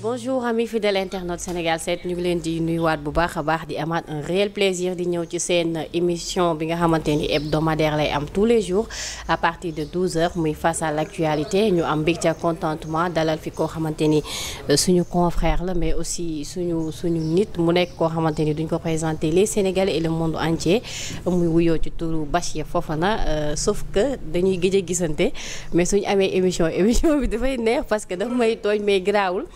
bonjour amis fidèles internautes Sénégal seet ñu ngi leen di nuyuwaat bu baax a baax di amaat un réel plaisir di ñëw ci seen émission bi nga xamante ni hebdomadaire lay am tous les jours à partir de 12h muy face actualité ñu am mbégte ak contentement dalal fi koo xamante ni euh, suñu confrère la mais aussi suñu suñu nit mu nekk koo xamante ni duñ ko présenter les Sénégalais et le monde entier muy wuyoo ci turu Bachir Fofana euh, sauf que dañuy gëj a gisante mais suñu amee émission émission bi dafay neex parce que daf may tooñ mais garaawul.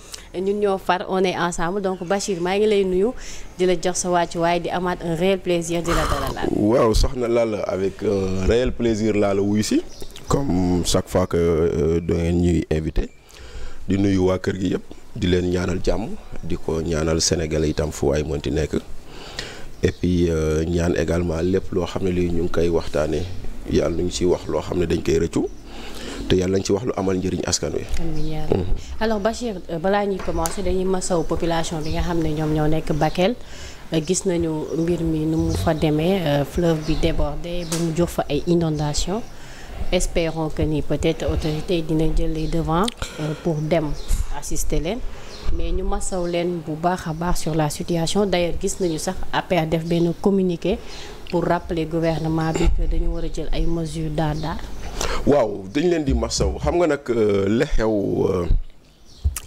ñun ñoo far on est ensemble donc Bachir maa ngi lay nuyu di la jox sa waaye di amaat un réel plaisir di la dalal. waaw soxna Lalla avec un réel plaisir laa la wuyu si comme chaque fois que euh, da ngeen ñuy invité di nuyu waa kër gi yëpp di leen ñaanal jàmm di ko ñaanal sénégal itam fu waay mënti nekk et puis euh, ñaan également lépp loo xam ne lii ñu ngi koy waxtaanee yàlla ñu ngi wax loo xam ne dañ koy rëccu. te yàlla nañ ci wax lu amal njëriñ askan wi. amiin ba mm-hmm. Bachir balaa ñuy commencé dañuy masaw population bi nga xam ne ñoom ñoo nekk Bakel gis nañu mbir mi nu mu fa demee euh, fleuve bi débordé ba mu jox fa ay inondations espérons que ni peut-être autorité yi dina jël les devants euh, pour dem assister leen. mais ñu masaw leen bu baax a baax sur la situation d'ailleurs gis nañu sax APR def benn communiqué pour rappeler gouvernement bi que dañu war a jël ay mesures daar daar waaw dañ leen di masaw xam nga nag euh, la xew euh,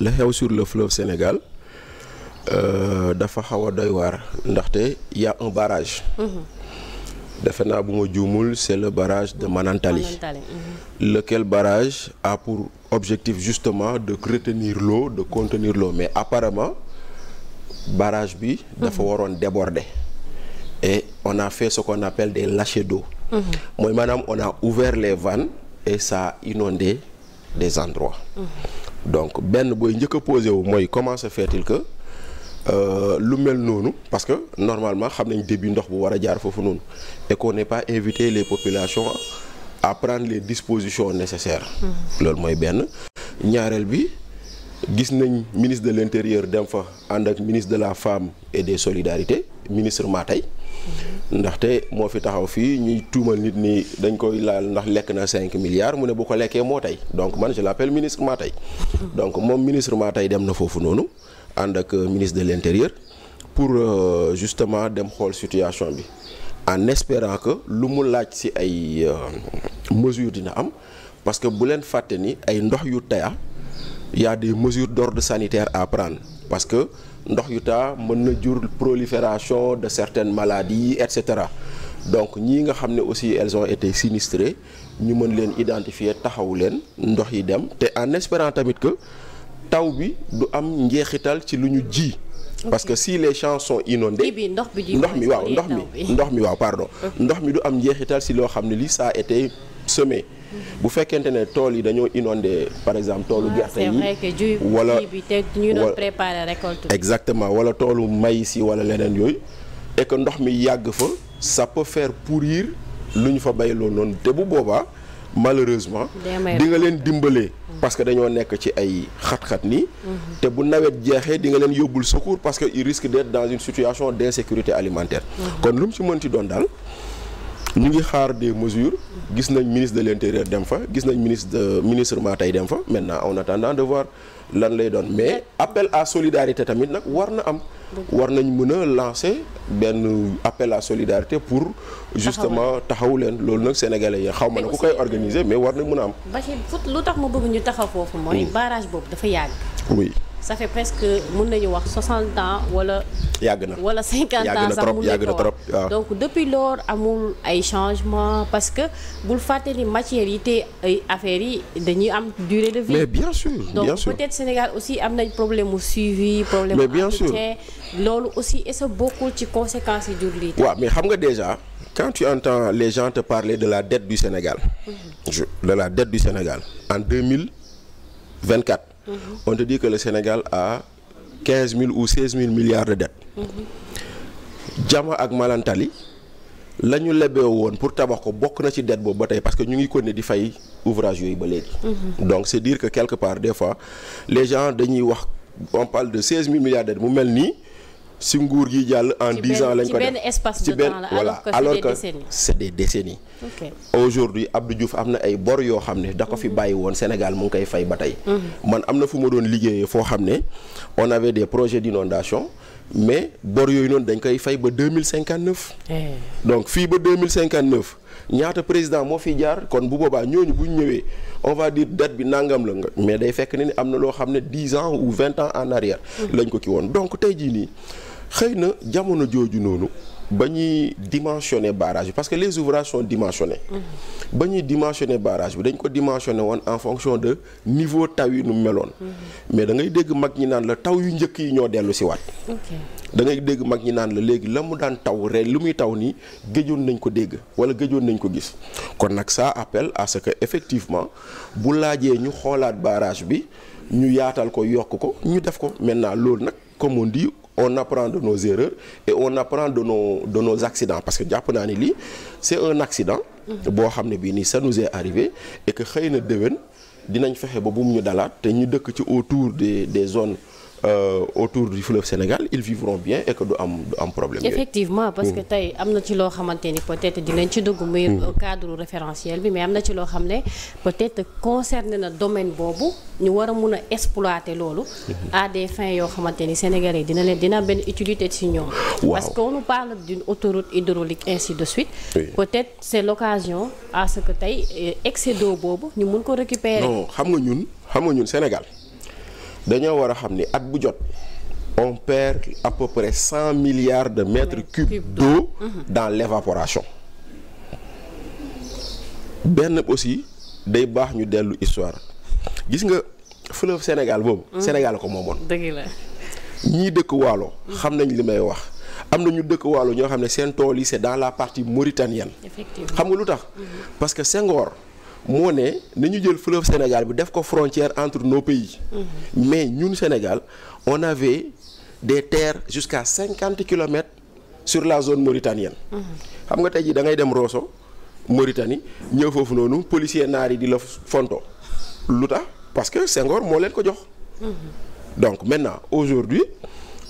la xew sur le fleuve Sénégal euh, dafa xaw a doy waar ndaxte y un barrage. Mm-hmm. defe naa bu ma juumul c'est le barrage de Manantali. Manantali. Mmh. lequel barrage a pour objectif justement de retenir l'eau de contenir l'eau mais apparemment barrage bi. dafa mm-hmm. waroon déborder. et on a fait ce qu'on appelle des lâchers d'eau Mm-hmm. mooy maanaam on a ouvert les vannes et ça a inondé des endroits. Mm-hmm. donc benn booy njëkk a posé wu mooy comment se fait-il euh, lu mel noonu parce que normalement xam nañ début ndox bu war a jaar foofu noonu et qu'on n'est pas invité les populations à prendre les dispositions nécessaires. Mm-hmm. loolu mooy benn ñaareel bi. gis nañ ministre de l'intérieur dem fa ànd ak ministre de la femme et des solidarités ministre tey ndaxte moo fi taxaw fii ñuy tuumal nit ñi dañ koy laal ndax lekk na cinq milliards mu ne bu ko lekkee moo tey donc man je l'appelle ministre maa tey donc moom ministre tey dem na foofu noonu ànd ak euh, ministre de l'intérieur pour euh, justement dem xool situation bi en espérant que lu mu laaj ci ay euh, mesures dina am parce que bu leen fàtte ni ay ndox yu taya y di des mesures d'ordre sanitaire à prendre parce que ndox yu taa mën na jur prolifération de certaines maladies et cetera donc ñii nga xam ne aussi elles ont été sinistrées ñu mën leen identifier taxawu leen ndox yi dem te en espérant tamit que taw bi du am njeexital ci lu ñu ji. parce que si les champs sont inondés ndox mi waaw ndox mi ndox mi waaw pardon ndox mi du am njeexital si loo xam ne li saa a été semé bu fekkente ne tool yi dañoo inondé par exemple toolu ah, gerte yi wala ñu doon préparer récolte exactement wala toolu maïs yi wala leneen yooyu et ndox mi yàgg fa ça peut faire pourrir lu ñu fa bay loolu noonu te bu boobaa malheureusement di nga leen dimbalee mm-hmm. parce que dañoo nekk ci ay xat-xat nii mm-hmm. te bu nawet jeexee di nga leen yóbbul secours parce que il risque d'être dans une situation d'insécurité alimentaire mm-hmm. kon lu mu ci mënti doon daal ñu ngi xaar de mesure gis nañ ministre de l' intérieur dem fa gis nañ ministre de ministre maa tey dem fa maintenant en attendant de voir lan lay doon mais appel à solidarité tamit nag war na am war nañ mën a lancer benn appel à solidarité pour justement taxawu leen loolu nag sénégalais yi xaw ma ne ku koy organiser mais war nañ mën a am Bachir lu tax ma bëgg ñu taxaw foofu mooy barrage boobu dafa yàgg oui ça fait presque mun nañu wax 60 ans wala. yàgg na wala 50 ans sax yàgg na trop donc depuis lors amul ay changement parce que bul fàtte ni matières yi te ay affaires yi dañuy am dure de vie. bien sûr donc bien sûr. Sénégal aussi am nañ problème mu suivi. problème mais bien loolu aussi est ce bokkul ci conséquences yi jur lii. waaw mais xam nga déjà. quand tu entends les gens te parler de la dette du Sénégal. Mm-hmm. de la dette du Sénégal en 2024 on te dit que le Sénégal a quinze mille ou seize mille milliards de dettes. Jama ak Malantali la ñu lebee woon pour tabax ko bokk na ci dette boobu ba tey parce que ñu ngi continuer di fay ouvrage yooyu ba léegi. donc c'est dire que quelque part des fois les gens dañuy wax on de seize mille milliards de mu mel nii. si nguur gi jàll en dix ans lañ ko def ci benn espace de temps la voilà alors que aujourd'hui Abdou am na ay bor yoo xam ne da ko fi mhm. bàyyi woon Sénégal mu ngi koy fay ba tey mhm. man am na foo xam ne on avait des projets d'inondation mais bor yooyu noonu dañ koy fay ba eh. donc fii ba deux mille cinquante neuf ñaata président moo fi jaar kon bu boobaa ñooñu bu ñu ñëwee on va dire date bi nangam la nga mais day fekk ne ni am na loo xam ne dix ans ou vingt ans en arrière mhm. lañ ko ki woon donc tey jii nii xëy na jamono jooju noonu ba ñuy dimensionné barrage bi parce que les ouvrages sont dimensionnés. Mm-hmm. ba ñuy dimensionné barrage bi dañ ko dimensionné woon en fonction de niveau taw yi nu meloon. Mm-hmm. mais dangay dégg mag ñi naan la taw yu njëkk yi ñoo dellu si waat. da dégg mag ñi naan la léegi la mu daan taw ren lu muy taw nii géjoon nañ ko dégg wala géjoon nañ ko gis kon nag ça appelle à ce que effectivement bu laajee ñu xoolaat barrage bi ñu yaatal ko yokk ko ñu def ko maintenant loolu nag comme on apprend de nos erreurs et on apprend de nos de accidents parce que jàpp naa ni lii c'est un accident. boo xam ne bii nii ça nous est arrivé et que xëy na déwén dinañ fexe ba bu mu ñu dalaat te ñu dëkk ci autour des des zones. Euh, autour du fleuve Sénégal ils vivront bien et du am problème. effectivement parce que mmh. tey am na ci loo xamante ni peut-être dinañ ci dugg. muy mmh. euh, cadre référentiel bi mais am na ci loo xam ne peut-être concerné na domaine boobu ñu war a mun a exploiter loolu. Mmh. à des fins yoo xamante ni Sénégalais dina leen dina benn utilité ci ñoom. parce que on nous parle d'une autoroute hydraulique ainsi de suite. Oui. peut-être c'est l'occasion à que tey euh, excès d'eau boobu ñu mun ko récupérer. non xam nga ñun xam nga ñun dañoo war a xam ni at bu jot on perd à peu près cent milliards de mètres cubes d'eau mhm. dans l'évaporation benn aussi day baax ñu dellu histoire gis nga fleuve Sénégal boobu. Mhm. Sénégal ko moomoon. dëgg la ñii dëkk waalo xam nañ li may wax am na ñu dëkk waalo ñoo xam ne seen tool yi c'est dans la partie mauritanienne. effectivement xam nga lu tax. Mhm. parce que Senghor. moo ne ñu jël fleuve Sénégal bi def ko frontière entre nos pays. Mm-hmm. mais ñun Sénégal on avait des terres jusqu'à cinquante kilomètres sur la zone mauritanienne. Mm-hmm. xam nga tey jii da ngay dem Rosso Mauritanie ñëw foofu noonu policier naar yi di la fonto lu tax parce que Senghor moo leen ko jox. Mm-hmm. donc maintenant aujourd'hui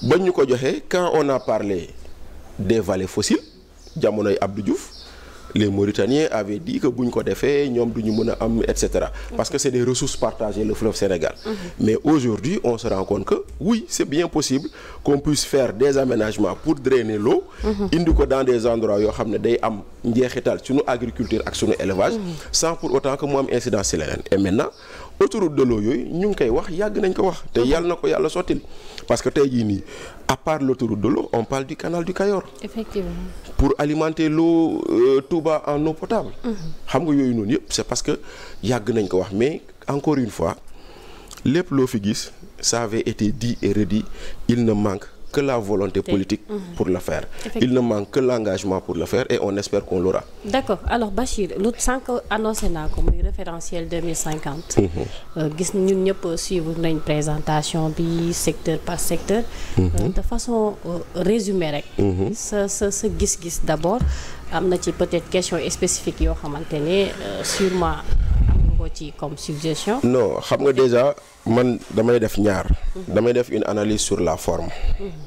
bañ ñu ko joxee quand on a parlé des vallées fossiles jamonoy Abdou Diouf. les Mauritaniens avaient dit que bu ñu ko defee ñoom du ñu mën a am et parce que c' des ressources partagées le fleuve Sénégal. Mhm. mais aujourd'hui on se rend compte que oui c' bien possible qu'on puisse faire des aménagements pour drainer l'eau mhm. indi ko dans des endroits yoo xam ne day am njeexital suñu agriculture ak suñu élevage. Mhm. sans pour autant que mu am incidence si leneen autoroute de yooyu ñu ngi koy wax yàgg nañ ko wax te mhm. yàlla na ko yàlla sottil parce que tey jii nii à part l'autoroute de on parle du canal du Cayor effectivement pour alimenter l'eau euh, Touba en eau potable mhm. xam nga yooyu noonu yëpp c'est parce que yàgg nañ ko wax mais encore une fois lép loo fi gis ça avait été dit et redit il ne manque que la volonté politique mhm. pour le faire il ne manque que l'engagement pour le faire et on espère qu'on l'aura d'accord alors Bachir lu sànq annoncé naa ko muy référentiel mhm. euh, gis ñun ñëpp suivre nañ présentation bi secteur par secteur mhm. euh, de façon euh, résumé rek sa sa sa gis-gis d'abord am na ci peut-être question spécifique yoo xamante ne sûrement ko ci comme suggestion. non xam nga déjà man damay def ñaar. Mhm. damay def une analyse sur la forme. Mhm.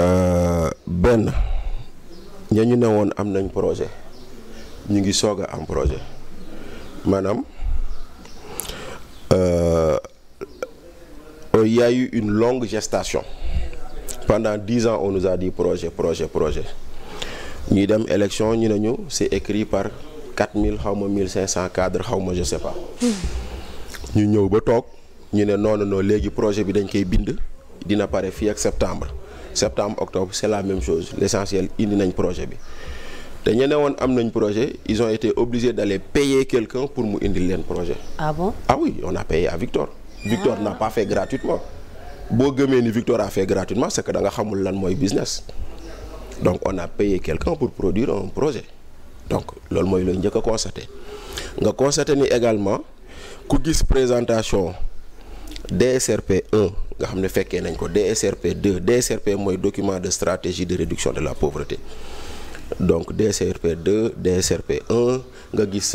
Euh, benn ña ñu ne woon am nañ projet ñu ngi soog a am projet maanaam euh, oh, il y a eu une longue gestation pendant dix ans on nous a dit projet projet projet ñuy dem élection ñu ne ñu c'est écrit par. 4000 xaw ma 1500 cadres xaw ma je sais pas. ñu ñëw ba toog ñu ne noonu non léegi projet bi dañ koy bind dina pare fii ak septembre septembre octobre c'est la même chose l'essentiel indi nañ projet bi. te ñu woon am nañ projet ils ont été obligés d'aller payer quelqu'un pour mu indil leen projet. ah bon ah on a payé à Victor. Victor ah. n'a pas fait gratuitement. boo gëmee ni Victor a fait gratuitement c'est que da nga xamul lan mooy business donc on a payé quelqu'un donc loolu mooy looy njëkk a constaté nga constaté ni également ku gis présentation DSRP 1 nga xam ne fekkee nañ ko DSRP 2 DSRP mooy document de stratégie de réduction de la pauvreté donc DSRP 2 DSRP 1 nga gis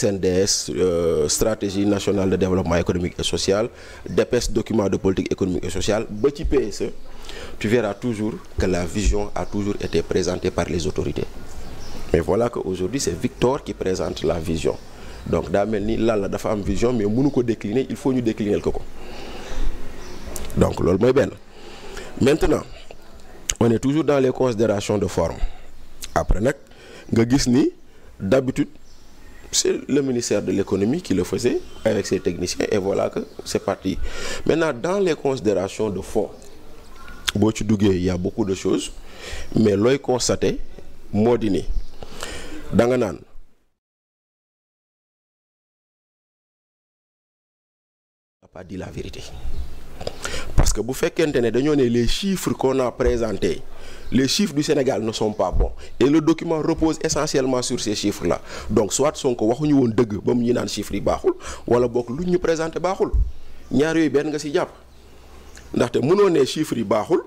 SNDS euh, euh, stratégie nationale de développement économique et social DPES document de politique économique et sociale ba ci PSE tu verras toujours que la vision à toujours été présentée par les autorités mais voilà que aujourd'hui c'est Victor qui présente la vision donc daa mel ni la dafa am vision mais mënu ko décliner il faut ñu décliner ko ko donc loolu mooy benn maintenant on est toujours dans les considérations de forme après nag nga gis ni d'habitude c'est le ministère de l'économie qui le faisait avec ses techniciens et voilà que c'est parti maintenant dans les considération de fond boo ci duggee il y beaucoup de choses mais looy constater moo d ni da nga naan pas dit la vérité parce que bu fekkente ne dañoo ne les chiffres qu'on a présentés les chiffres du Sénégal ne sont pas bons et le document repose essentiellement sur ces chiffres là donc soit Sonko waxuñu woon dëgg ba mu ñu naan chiffres yi baaxul wala boog luñ ñu présenté baaxul ñaar yooyu benn nga ci jàpp ndaxte mënoo ne chiffres yu baaxul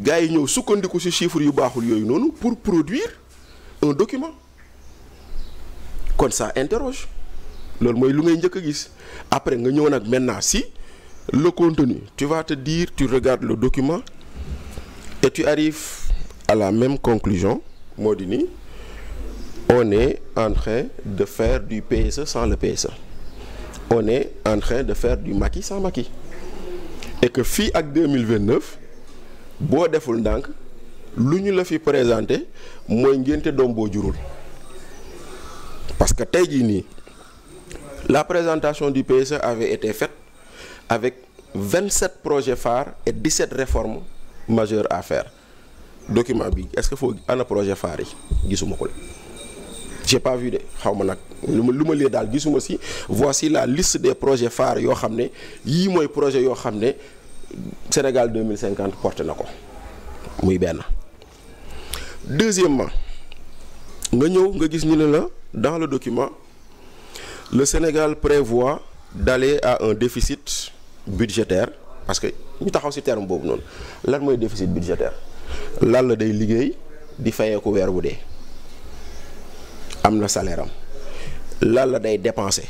gars yi ñëw sukkandiku ci chiffres yu baaxul yooyu noonu pour produire un document kon ça interroge loolu mooy lu ngay njëkk a gis après nga ñëw ak maintenant si le contenu tu vas te dire tu regardes le document et tu à la même conclusion moo di ni on est en de faire du PSE sans le PSE on est en de faire du Macky sans Macky et que fii ak 2029 boo deful ndànk lu ñu la fi présenté mooy ngénte doom boo jurul parce que tey jii nii la présentation du PSE avait été faite avec 27 projets phares et 17 réformes majeures à faire document bi est-ce que foo ana projet phare yi gisuma ko j'ai pas vu de xaw ma nag lu ma lu ma lee daal gisuma si voici la liste des projet phares yoo xam ne yii mooy projet yoo xam ne Sénégal 2050 porté na ko muy benn deuxièmement nga ñëw nga gis ñu ne la dans le document le Sénégal prévoit dale à un déficit budgétaire parce que ñu taxaw si terme boobu noonu lan mooy déficit budgétaire lal la day liggéey di fayee ko weer wu dee am na salaire lal la day dépenser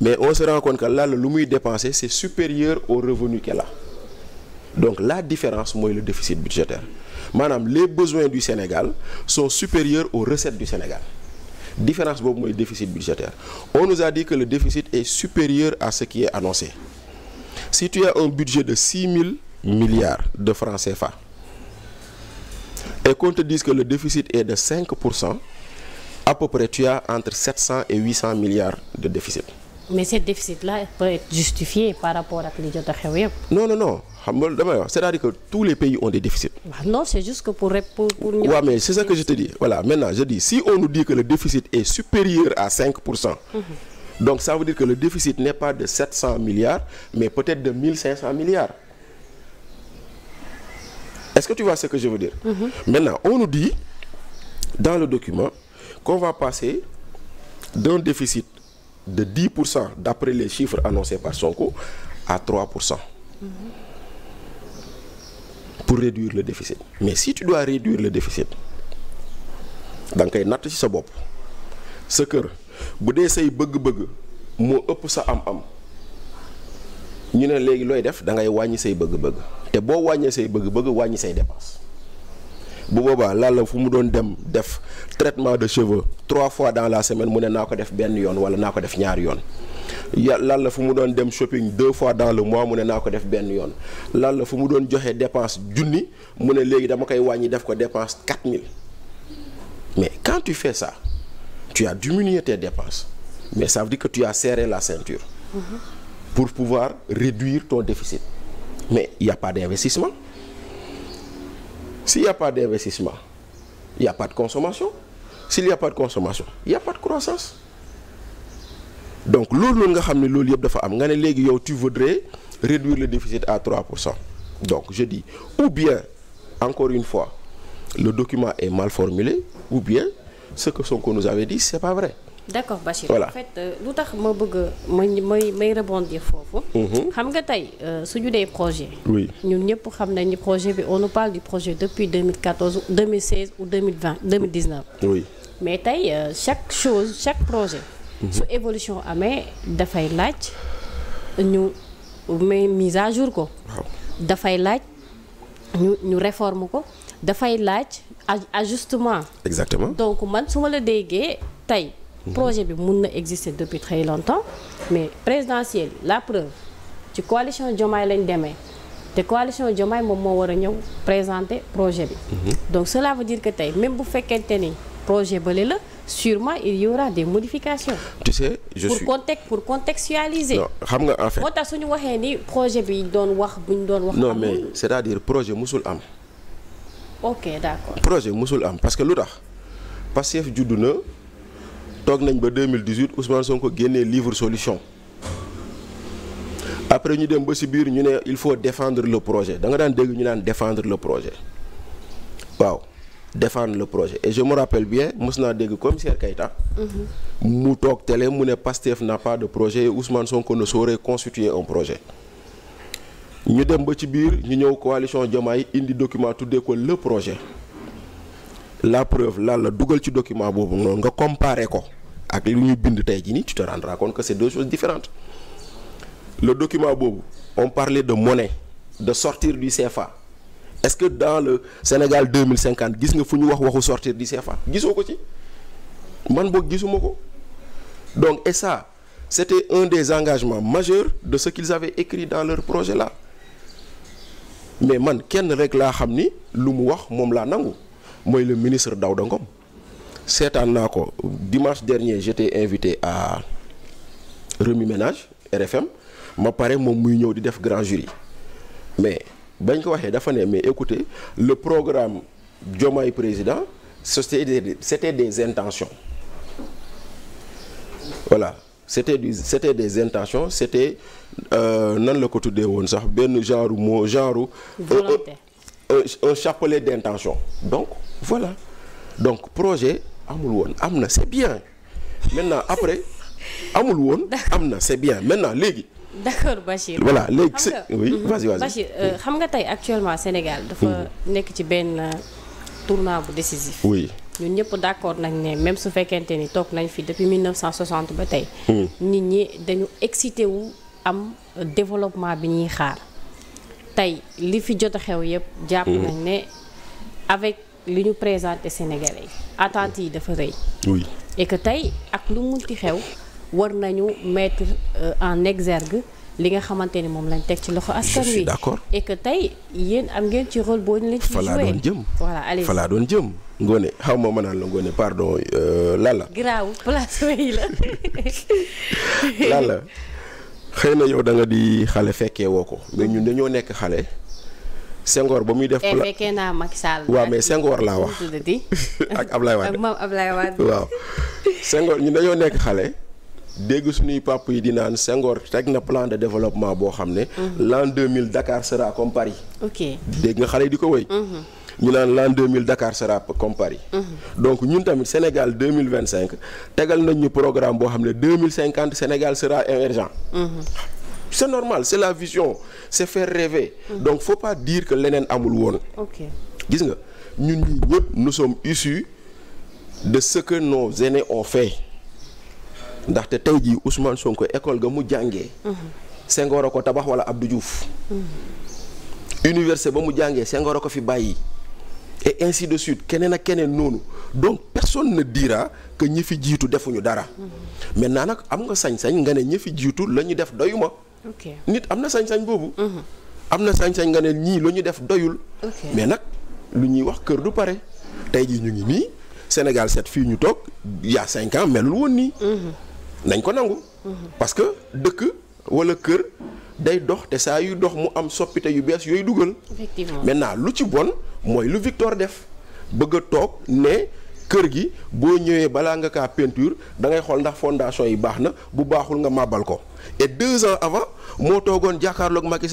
mais on se rend que lan la lu muy dépenser c'est supérieur au revenu qu'elle a donc la différence mooy le déficit budgétaire maanaam les besoins du Sénégal sont supérieurs au recettes du Sénégal différence boobu mooy déficit budgétaire on nous a dit que le déficit est supérieur à ce qui est annoncé si tu un budget de 6 000 milliards de francs CFA et qu'on te dise que le déficit est de 5 pour cent à peu près tu as entre 700 et 800 milliards de déficit mais ce déficit là peut être justifié par rapport ak li jot a xew yëpp. non non non c'est-à-dire que tous les pays ont des déficits. waaw non c'est juste que pour rek pour. pour ñu waaw mais c'est ça que je te dis voilà maintenant je dis si on nous dit que le déficit est supérieur à mhm. donc ça veut dire que le déficit n'est pas de milliards mais peut-être de milliards. Est-ce que tu vois ce que je veux dire? Mhm. Maintenant, on nous dit dans le document qu'on va de 10 pour cent d'après les chiffres annoncés par Sonko à trois pour cent pour réduire la déficit mais si tu dois réduire le déficit da nga koy natt ci sa bopp sa kër bu dee say bëgg-bëgg moo ëpp sa am-am ñu ne léegi looy def da ngay wàññi say bëgg-bëgg te boo wàññee say bëgg-bëgg wàññi say dépense bu boobaa Lalla fu mu doon dem def traitement de cheveux trois fois dans la semaine mu ne naa ko def benn yoon wala naa ko def ñaari yoon. ya Lalla fu mu doon dem shopping deux fois dans le mois mu ne naa ko def benn yoon Lalla fu mu doon joxe dépense junni mu ne léegi dama koy wàññi def ko dépense 4000 mais quand tu fais ça tu as diminué tes mais ça veut que tu as la ceinture. Mm-hmm. pour pouvoir réduire ton déficit. mais il d'investissement. s'il n'y a pas d'investissement il n'y a pas de consommation s'il n'y a pas de consommation il croissance donc loolu noonu nga xam ne loolu yëpp dafa am nga ne léegi yow tu voudrais réduire le déficit à trois pour cent donc je dis ou bien encore une fois le document est mal formulé ou bien ce que Sonko nous avait dit c'est pas vrai d'accord Bachir voilà. en euh, lu tax ma bëgg ma may may rebondir foofu. Mhm. xam nga tey euh, suñu dee projet. oui ñun ñëpp xam nañu projet bi on nous parle du projet depuis 2014 2016 ou 2020 2019. oui mais tey euh, chaque chose chaque projet. Mhm. su évolution amee dafay laaj ñu mais mise à jour ko. dafay laaj ñu ñu réforme ko dafay laaj ajustement. exactement donc man su ma la déggee tey. projet bi mun na exister depuis très longtemps mais présidentielle la preuve ci coalition Diomaye lañ demee te coalition Diomaye moom moo war a ñëw présenter projet bi mhm. donc cela veut dire que tey même bu fekkente ni projet bële la sûrement il y aura des modifications. tu sais je pour pour contextualiser. xam nga en fait moo suñu waxee ni projet bi doon wax bu ñu doon wax. non mais c'est-à-dire projet musul am. ok d'accord projet musul am parce que lu tax Pastef juddu na. toog nañ ba 2018 Ousmane Sonko génnee livre solution après ñu dem ba ci biir ñu ne il faut défendre le projet danga daan dégg ñu naan défendre le projet waaw défendre le projet et je me rappelle bien mës naa dégg commissaire Keïta mm-hmm. mu toog tele mu ne Pastef n'a pas de projet et Ousmane Sonko ne saurait constituer un projet ñu dem ba ci biir ñu ñëw coalition Diomaye indi document tuddee ko le projet la preuve lan la dugal ci document boobu noonu nga comparer ko ak lu ñu bind tey jii nii tu te rendras compte que c'est deux choses différentes le document boobu on parler de monnaie de sortir du CFA est-ce que dans le Sénégal 2050 gis nga fu ñu wax waxu sortir du CFA gisoo ko ci man boog gisuma ko donc et ça c'était un des engagements majeurs de ce qu'ils avaient écrit dans leur projet la mais man kenn rek laa xam ni lu mu wax moom laa nangu mooy le ministre Daouda Ngom seetaan naa ko dimanche dernier j'étais invité à Remi Ménage RFM ma pare moom muy ñëw di def grand jury mais bañ ko waxee dafa ne mais écoutez le programme Diomaye président c'était des c'était des intentions voilà c'était du c'était des intentions c'était euh, nan la ko tuddee woon sax benn genre mot genre. volonté euh, euh, un chapelet d'intention donc voilà donc projet. amul woon am na c'est bien maintenant après amul woon. am na c'est bien maintenant léegi. d'accord Bachir. voilà léegi c'est oui mhm. vas-y vas-y. Euh, xam nga tey actuellement Sénégal. dafa mhm. nekk ci benn euh, tournant bu décisif. oui ñun ñëpp d'accord nañ ne même su fekkente ni toog nañ fi depuis 1960 ba tey. Mhm. nit ñi dañu excité wu am euh, développement bi ñuy xaar tey li fi jot a xew yëpp. jàpp nañ ne avec. li ñu présenté Sénégalais yi yi dafa rëy. oui et que tey ak lu munti xew war nañu mettre euh, en exergue li nga xamante ni moom lañ teg ci loxo askan wi. je suis et que tey yéen am ngeen ci rôle boo ñu leen. ci joué falaa doon jëm. voilà allez doon jëm. Ngone xaw ma ma naan la Ngone pardon euh, Lalla. Graaw place wey la. Lalla xëy na yow da nga di xale fekkee woo ko mais ñun dañoo nekk xale. Senghor ba muy def. Eh, pla fekkee naa Macky Sall. waaw mais Senghor laa wax ak Ablaye Wade ak moom Ablaye Wade waaw Senghor ñun nekk xale. dégg suñuy papa yi di naan Senghor teg na plan de développement boo xam ne. Mhm. l'an 2000 Dakar sera comme dégg nga xale yi di ko wéy. Mhm. ñu naan l'an 2000 Dakar sera comme Paris. Mhm. donc ñun tamit Sénégal 2025 tegal nañ ñu programme boo xam ne 2050 Sénégal sera émergent. c'est normal c'est la vision c'est faire rêver. Mm. donc faut diir dire que leneen amul woon. gis nga ñun ñii ñëpp nous sommes issus de ce que nos aînés ont ndaxte tey jii son ko école ga mu jàngee. Mm-hmm. Senghor a ko tabax wala Abdou Diouf. Mm-hmm. université ba mu jàngee Senghor a ko fi bàyyi. et ainsi de suite keneen ak keneen noonu donc personne ne dira que ñi fi jiitu defuñu dara. Mm-hmm. maintenant nag am nga sañ-sañ nga ne ñi fi jiitu la ñu def doyuma. nit am na sañ-sañ boobu. Mhm. am na sañ-sañ nga ne ñii lu ñu def doyul. mais nag lu ñuy wax kër du pare. tey jii ñu ngi nii Sénégal set fii ñu toog yaa cinq ans melul woon nii. Mhm. nañ ko nangu. Mhm. parce que dëkk walla kër day dox te saa yu dox mu am soppite yu bees yooyu dugal. effectivement maintenant lu ci bon mooy lu Victor def bëgg a toog ne. kër gi boo ñëwee balaa nga kaa peinture da ngay xool ndax fondation yi baax na bu baaxul nga màbbal ko et deux ans avant moo toogoon jàkkaarloog Macky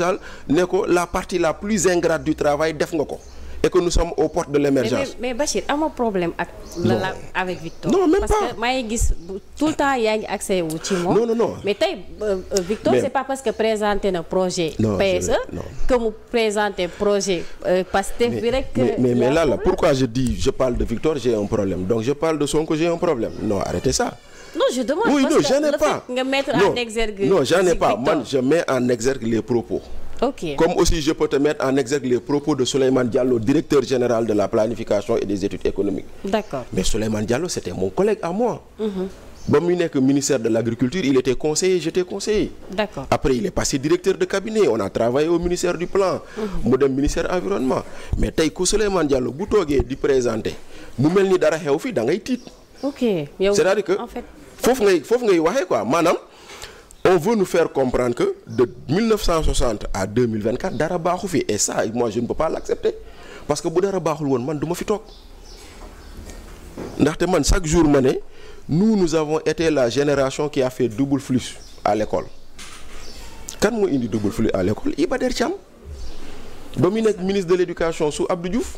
ne ko la partie la plus ingrate du travail def nga ko et que nous sommes au portes de l'émergence. mais mais, mais Bachir amoo problème ak. la la avec Victor. non même maa ngi gis tout le temps yaa ngi accès wu ci moom. non non mais tey euh, euh Victor c'est pas parce que présenté na projet. non PSE e que mu présenté projet euh, Pastef bi rek. mais mais, mais là là pourquoi je dis je parle de Victor j'ai un problème donc je parle de Sonko j'ai un problème non arrêtez ça. non je demande pas. non, je mets en exergue les propos. comme aussi je peux te en exergue les propos de Souleymane Diallo directeur général de la planification et des études économiques. mais Souleymane Diallo c'était mon collègue à moi. Mhm. ba mu nekk ministère de l'agriculture il était conseiller j'étais conseiller. après il est passé directeur de cabinet on a travaillé au ministère du plan. Mhm. mu dem ministère environnement. mais tey ku Souleymane Diallo bu toogee di foofu ngay foofu ngay waxee ko maanaam on veut nous faire comprendre que de 1960 à 2024 dara baaxu fi et ça moi je ne peux pas parce que bu dara baaxul woon man du ma fi toog ndaxte man chaque jour ma ne nous nous avons été la génération qui a fait double flux à l'école kan moo indi double flux à l'école Iba Der Thiam ba mu nekk ministre de l'éducation sous Abdou Diouf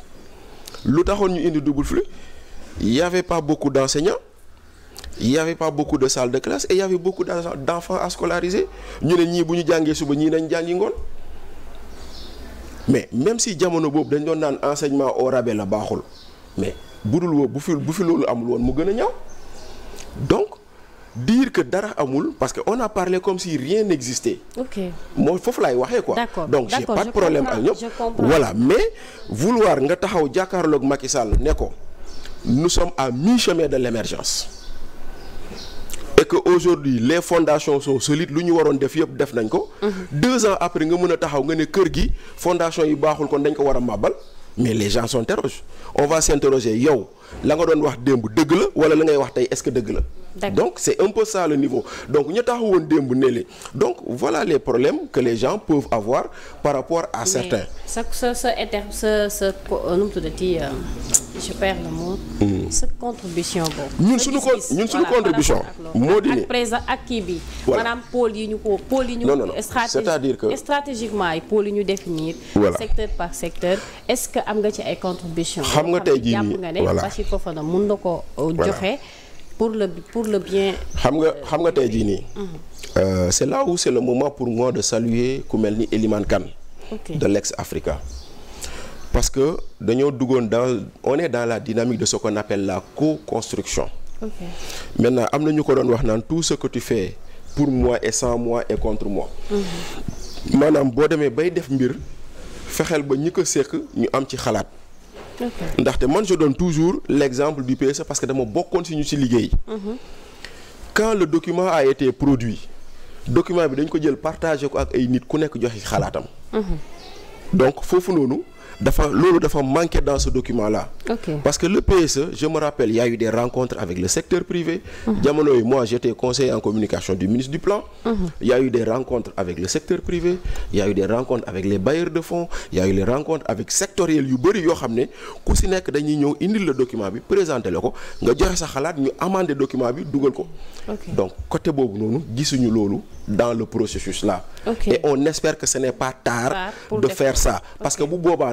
lu taxoon ñu indi double flux il y avait pas beaucoup d'enseignants il y avait pas beaucoup de salles de classe et il y avait beaucoup d'enfants à scolariser ñu ne ñii bu ñu jàngee suba ñii nañ jàngi ngoon mais même si jamono boobu dañ doon naan enseignement au rabais la baaxul mais bu dul woo bu fi bu fi loolu amul woon mu gën a ñaaw donc dire que dara amul parce que on a parlé comme si rien n'existait. moo foofu laay waxee quoi. d'accord donc j'ai pas de problème ak ñëpp. voilà mais vouloir nga taxaw jàkkaarlook Macky Sall ne ko nous sommes a mi-chemin de l'émergence. et que aujourd'hui les fondations sont solides lu ñu waroon def yëpp def nañ ko. deux ans après nga mën a taxaw nga ne kër gi fondations yi baaxul kon dañ ko war a màbbal mais les gens s'interrogent on va s'interroger yow. la nga doon wax démb dëgg la wala la ngay wax tey est-ce que dëgg la donc c'est un peu ça le niveau donc ñu taxawoon woon démb ne li donc voilà les problèmes que les gens peuvent avoir par rapport à certains sa sa sa inter sa sa euh, nu mu su euh, je perds le mot hmm. sa contribution boobu ñun suñu kon ñun contribution moo di ni présent kii bi maanaam pôle yi ñu ko pôle yi ñu non non c'est-à-dire que stratégiquement yi pôle yi ñu définir secteur par secteur est-ce que am nga ci ay contribution xam nga tey jii nii voilà Madické Fofana mun na ko euh, joxe pour le pour le bien xam nga xam nga tey jii nii euh, euh, c'est la où c'est le moment pour mois de saluer ku mel ni Eliman Kane okay. de l'ex-Africa parce que dañoo duggoon dans one dans la dynamique de ce qu'on appelle la co-construction okay. am na ñu ko doon wax naan tout ce que tu fais pour moi et sans mois et contre moi mhm. maanaam boo demee bay def mbir fexeel ba ñi ko séq ñu am ci xalaat ndaxte man je donne toujours l'exemple du PSE parce que dama bokkoon si ñu si liggéey. Mhm. quand le document a été produit document bi dañ ko jël partagé ko ak ay nit ku nekk joxe xalaatam. Mhm. donc foofu noonu. dafa loolu dafa manqué dans ce document là. parce que le PSE je me rappelle il y a eu des rencontres avec le secteur privé. Mhm. jamono yi moi j'étais conseiller en communication du ministre du plan. Mhm. il y a avec le secteur privé. il y a avec les bailleurs de fonds il y a avec sectoriels yu bëri yoo xam ne ku si nekk dañuy ñëw indil la document bi présenté ko nga joxe sa xalaat ñu amender document bi dugal ko. donc côté boobu noonu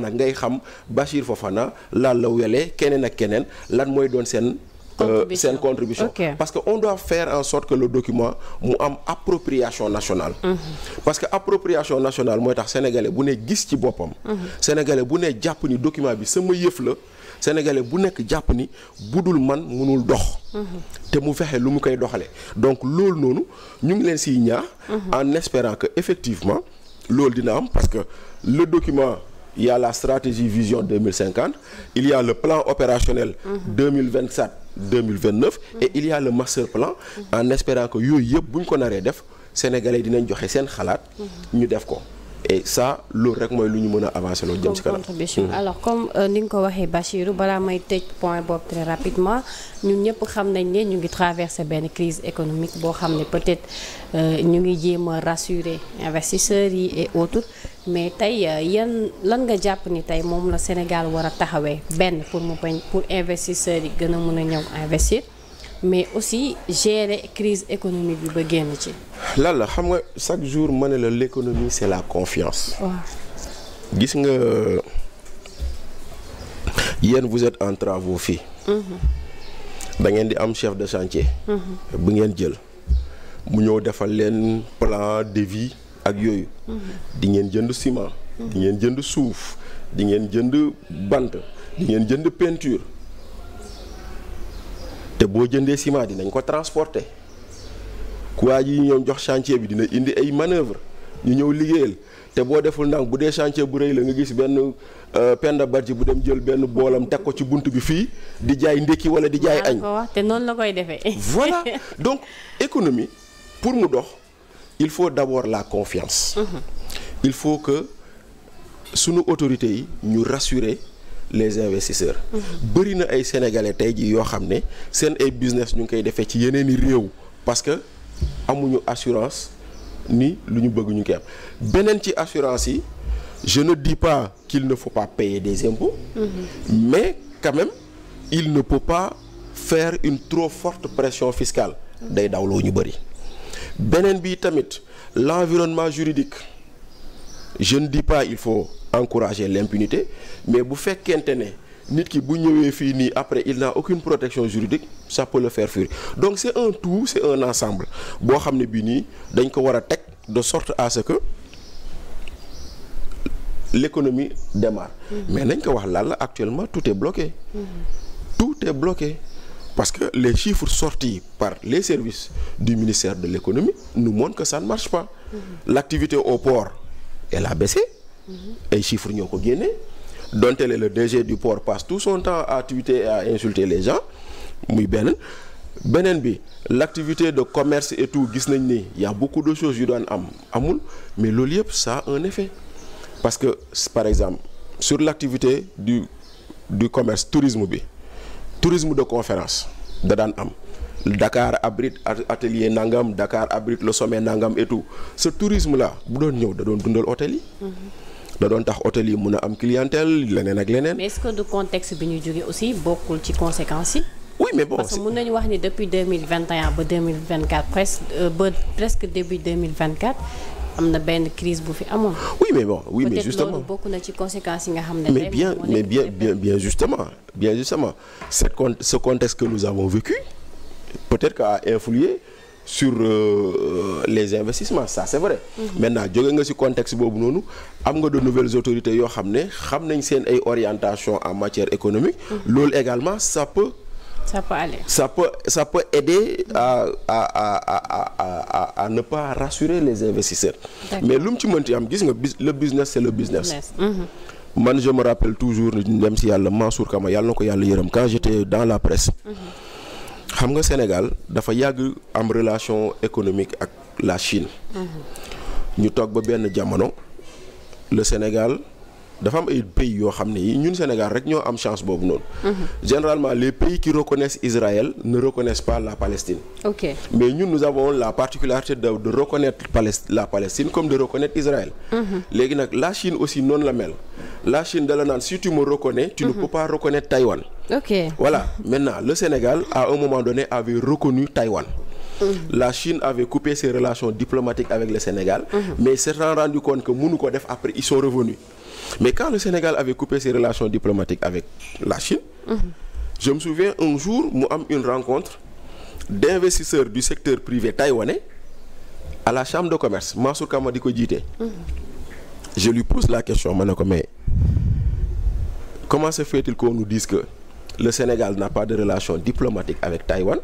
Fofana ngay xam Bachir Fofana Lalla Wele keneen ak keneen lan mooy doon seen. Euh, contribution seen contribution. Okay. parce que on doit faire en sorte que le document mu am appropriation nationale. Mhm. parce que appropriation nationale mooy tax sénégalais bu ne gis ci boppam. Mhm. sénégalais bu ne jàpp ni document bi sama yëf la. sénégalais bu nekk jàpp ni budul man mënul dox mhm. te mu fexe lu mu koy doxale donc loolu noonu ñu ngi leen siy ñaax en espérant que effectivement loolu dina am parce que il y a la stratégie vision 2050 il y a le plan opérationnel 2027 2029 et il y a le master plan en espérant que yooyu yëpp bu ñu ko naree def sénégalais dinañ joxe seen xalaat ñu def ko et ça loolu rek mooy lu ñu mën a avancer loolu jëm ci kanam contribution mm. comme euh, ni nga ko waxee Bachirou balaa may tëj point boobu très rapidement ñun ñëpp xam nañ ne ñu ngi traversé benn crise économique boo xam ne peut-être euh, ñu ngi jéem a rassurer investisseurs yi et autres mais tey euh, yan lan nga jàpp ni tey moom la Sénégal war a taxawee benn pour mu bañ pour investisseurs yi gën a mën a ñëw investir mais aussi gérer crise économique bi ba génn ci. lan xam nga chaque jour ma ne la l' économie est la confiance. gis nga yéen vous êtes en travaux fii. Mhm. da ngeen di am chef de chantier. Mhm. bu ngeen jël mu ñëw defal leen plan de vie. ak yooyu dingeen jënd ciment di ngeen jënd suuf di ngeen jënd bant di ngeen jënd peinture te boo jëndee ciment dinañ ko transporter waa ji ñoom jox chantier bi dina indi ay manœuvre ñu ñëw liggéeyal te boo deful ndànk bu dee chantier bu rëy la nga gis benn euh, penda barji bu dem jël benn boolam teg ko ci bunt bi fii di jaay ndékki wala di jaay añ te noonu la koy defee voilà donc économie pour mu dox il faut d'abord la confiance mm-hmm. il faut que sunu autorités yi ñu rassurer les investisseurs mm-hmm. bëri na ay sénégalais tey jii yoo xam ne seen ay business ñu ngi koy defee ci yeneen i réew parce que amuñu assurance ni lu ñu bëgg ñu ngi am beneen ci assurance yi je ne dis pas qu'il ne faut pas des impôts mm-hmm. mais quand même il ne peut faire une trop forte pression fiscale day dawloo ñu bëri beneen bi tamit l'environnement juridique je ne dis pas il faut encourager l'impunité mais bu fekkente ne nit ki bu ñëwee fii nii après il n'a aucune protection juridique ça peut le faire fuir donc c'est un tout c'est un ensemble boo xam ne bii nii dañ ko war a teg de sorte à ce que l'économie démarre. Mm-hmm. mais nañ ko wax laal la actuellement toute est bloqué. Mm-hmm. parce que les chiffres sortis par les services du ministère de l'économie nous montrent que san marche pas mm-hmm. l'activité au port elle a mm-hmm. ay chiffres ñoo ko génne donte le le DG du port passe tout son temps à tweeter et à les gens muy benn beneen bi l'activité de commerce et tout gis nañ ni y a beaucoup de choses yu daan am amul mais loolu yëpp ça un effet parce que par exemple sur l'activité du du commerce tourisme bi tourisme de conférence da daan am Dakar abrite atelier nangam Dakar abrite le sommet nangam et tout ce la bu doon ñëw da doon dundal hôtel yi. Mhm. da doon tax hôtel yi mun a am clientèle leneen ak leneen. mais que du contexte bi ñu jógee aussi bokkul ci conséquences yi. oui mais bon mun nañu wax ni depuis deux mille vingt et ba deux mille vingt quatre presque euh, ba deux mille vingt quatre am na benn crise bu fi amoon. oui mais bon oui mais justement ci conséquences yi nga xam ne. mais bien mais bien bien bien justement bien justement cette con ce contexte que nous avons vécu peut-être qu'a influé sur euh, les investissements ça c'est vrai. Mm -hmm. maintenant jóge nga ci contexte boobu noonu am nga de nouvelles autorités yoo xam ne xam nañ seen ay orientation en matière économique. Mhm. loolu également ça Ça peut aller. a peut, ça peut aider à, à, à, à, ne pas rassurer les investisseurs. Mais l'homme tu le business, c'est le business. Mm -hmm. Moi, je me rappelle toujours, même si le Mansour Kama, quand j'étais dans la presse, mm -hmm. xam nga Sénégal dafa yàgg am relation économique ak la Chine. Mhm. ñu toog ba benn jamono le Sénégal dafa am ay pays yoo xam ne yi ñun Sénégal rek ñoo am chance boobu noonu. généralement les pays qui reconnaissent Israël ne reconnaissent pas la Palestine. ok mais ñun nous avons la particularité de de reconnaître la Palestine comme de reconnaître Israël. Mhm. léegi nag la Chine aussi noonu la mel. la Chine dala naan si tu me reconnais. tu ne mhm. peux pas reconnaître Taïwan. ok le Sénégal à un moment donné avait reconnu Taïwan. Mhm. la Chine avait coupé ses relations Mais quand le Sénégal avait coupé ses relations diplomatiques avec la Chine, mmh. je me souviens un jour mu am une rencontre d'investisseurs du secteur privé taïwanais à la chambre de commerce Mansour Kama di ko jiite. Je lui pose la question ma ne ko mais commence se fait-il qu'on nous le Sénégal n'a pas de relations diplomatiques avec Taïwan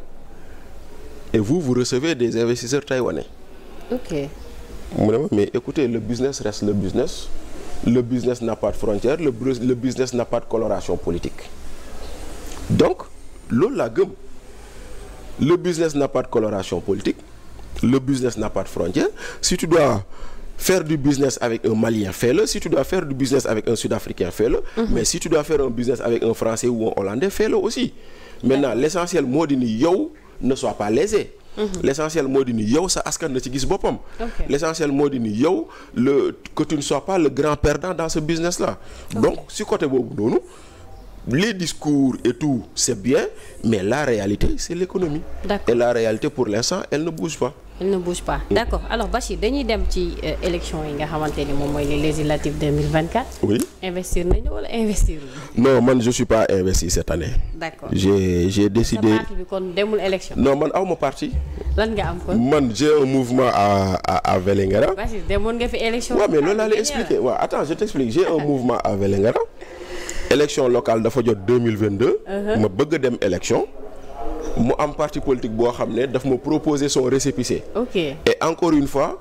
et vous vous recevez des investisseurs taïwanais. OK. mu ne ma mais écoutez le business reste le business. le business n'a pas de frontière le le business n'a pas de coloration politique donc loolu laa gëm le business n'a pas coloration politique le business n'a pas de frontière si tu dois faire du business avec un Malien fais-le si tu dois faire du business avec un Sud-Africain fais-le mhm. mais si tu faire un business avec un Français ou un Hollandais fais-le aussi maintenant l'essentiel moo di ni yow ne sois pas lésé Mhm. l' essentiel moo di ni yow sa askan na ci gis boppam. l' moo di ni yow le que tu ne sois pas le grand perdant dans ce business la donc si côté boobu noonu. les discours et tout c'est bien mais la réalité c'est l'économie et la réalité pour l'instant elle ne bouge pas il ne bouge pas d' accord alors Bachir dañuy dem ci euh, élection yi nga xamante ni moom mooy les législatives 2024. oui investir nañu wala investir non man je suis pas investi cette année. d' accord j'ai j'ai décidé. parti kon demul élection. non man aw ma parti. lan nga am kon man j'ai un mouvement à à à Vélingara. Bachir nga fi élection. waaw mais loolu laa lay expliqué waaw attends je t' explique j'ai un mouvement à Vélingara. élection locale dafa jot uh-huh. ma bëgg dem élection. mu am parti politique boo xam ne daf ma proposer soo récépissé. ok et encore une fois.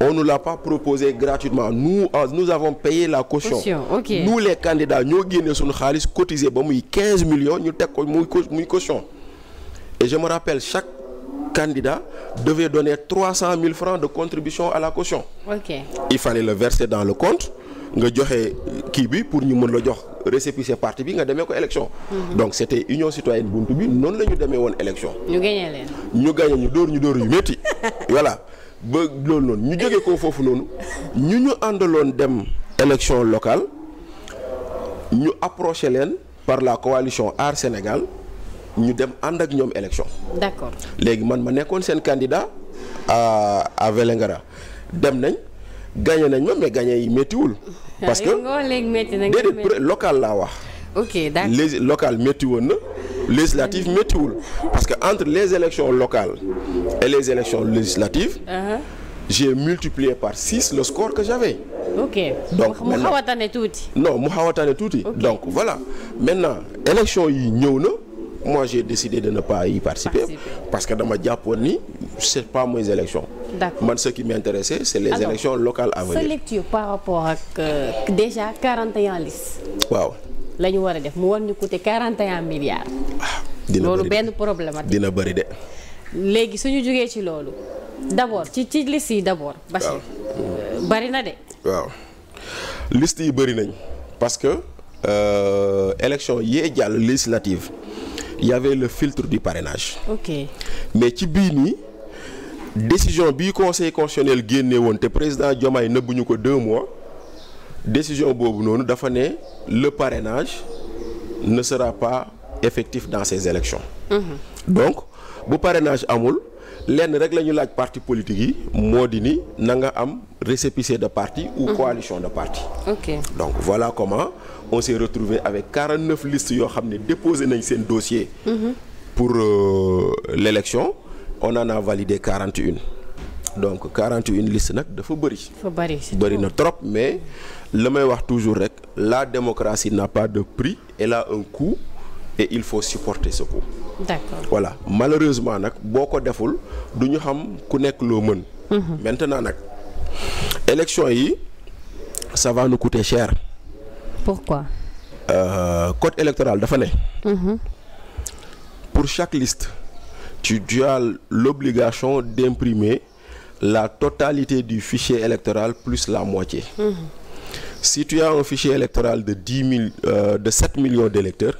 on nous l'a pas proposé gratuitement nous nous avons payé la caution. caution okay. nous les candidats ñoo génne suñu xaalis cotisé ba muy 15 millions ñu teg ko muy muy caution et je me rappelle chaque candidat devait donner 300 000 francs de contribution à la caution. ok il fallait le verser dans le compte. nga joxe kii bi pour ñu mën la jox récépissé parti bi nga demee ko élection. Mhm. donc c' était union citoyenne buntu bi noonu la ñu demee woon élection. ñu gagné ñu gagné ñu dóor ñu dóor yu métti voilà ba loolu noonu ñu jógee ko foofu noonu ñu ñu àndaloon dem élection locale ñu approché leen par la coalition Aar Sénégal ñu dem ànd ak ñoom élection. d' accord léegi man ma nekkoon seen candidat à à dem nañ. gagné nañ ma mais gagné yi méttiwul. parce que déedéet local la wax. ok d'accord les local métti woon na. législative méttiwul parce que entre les élections locales et les élections législatives. Uh-huh. j'ai multiplié par six le score que j'avais. ok donc mu xaw a tane tuuti. non mu xaw a tane tuuti. donc voilà maintenant élection yi ñëw na. moi j'ai décidé de ne pas y participer. parce que dama jàppoon ni c'est pas mes élections. d'accord man ce qui m'intéressait c'est les Alors, élections local à venir. sa lecture par rapport ak euh, déjà 41 waaw lañu war a def mu war ñu coûter 41 milliards. Ah, loolu benn problème dina bëri de. léegi suñu jógee ci loolu d'abord ci ci liste yi d'abord. Bachir euh, bëri na de. waaw liste yi bëri nañ parce que euh, élection yee jàll législative. y le filtre du parrainage. mais ci bii nii décision bii conseil constitutionnel génne woon te président Diomaye nëbbuñu ko deux mois décision boobu noonu dafa ne le parenage ne sera pas effectif dans ces élections. Mmh. donc bu parrainage amul. lenn rek lañu laaj parti politique yi moo di ni na nga am récépissé de parti ou mhm. coalition de parti. ok donc voilà comment. on s'est retrouvé avec 49 listes yoo xam ne déposé nañ seen dossier. Mhm. pour euh, l'élection on en a validé 41. donc 41 listes nag dafa bëri. dafa bëri bëri na trop mais la may wax toujours rek la démocratie n'a pas de prix et la un coût et il faut supporter ce coût. d'accord voilà malheureusement nag boo ko deful du ñu xam ku nekk loo mën. Mhm. maintenant nag élection yi ça va cher. pourquoi. Euh, code électoral dafa ne. Mm-hmm. pour chaque liste tu as l'obligation d'imprimer la totalité du fichier électoral plus la moitié. Mmh. Si tu as un fichier électoral de 10 000, euh, de 7 millions d'électeurs,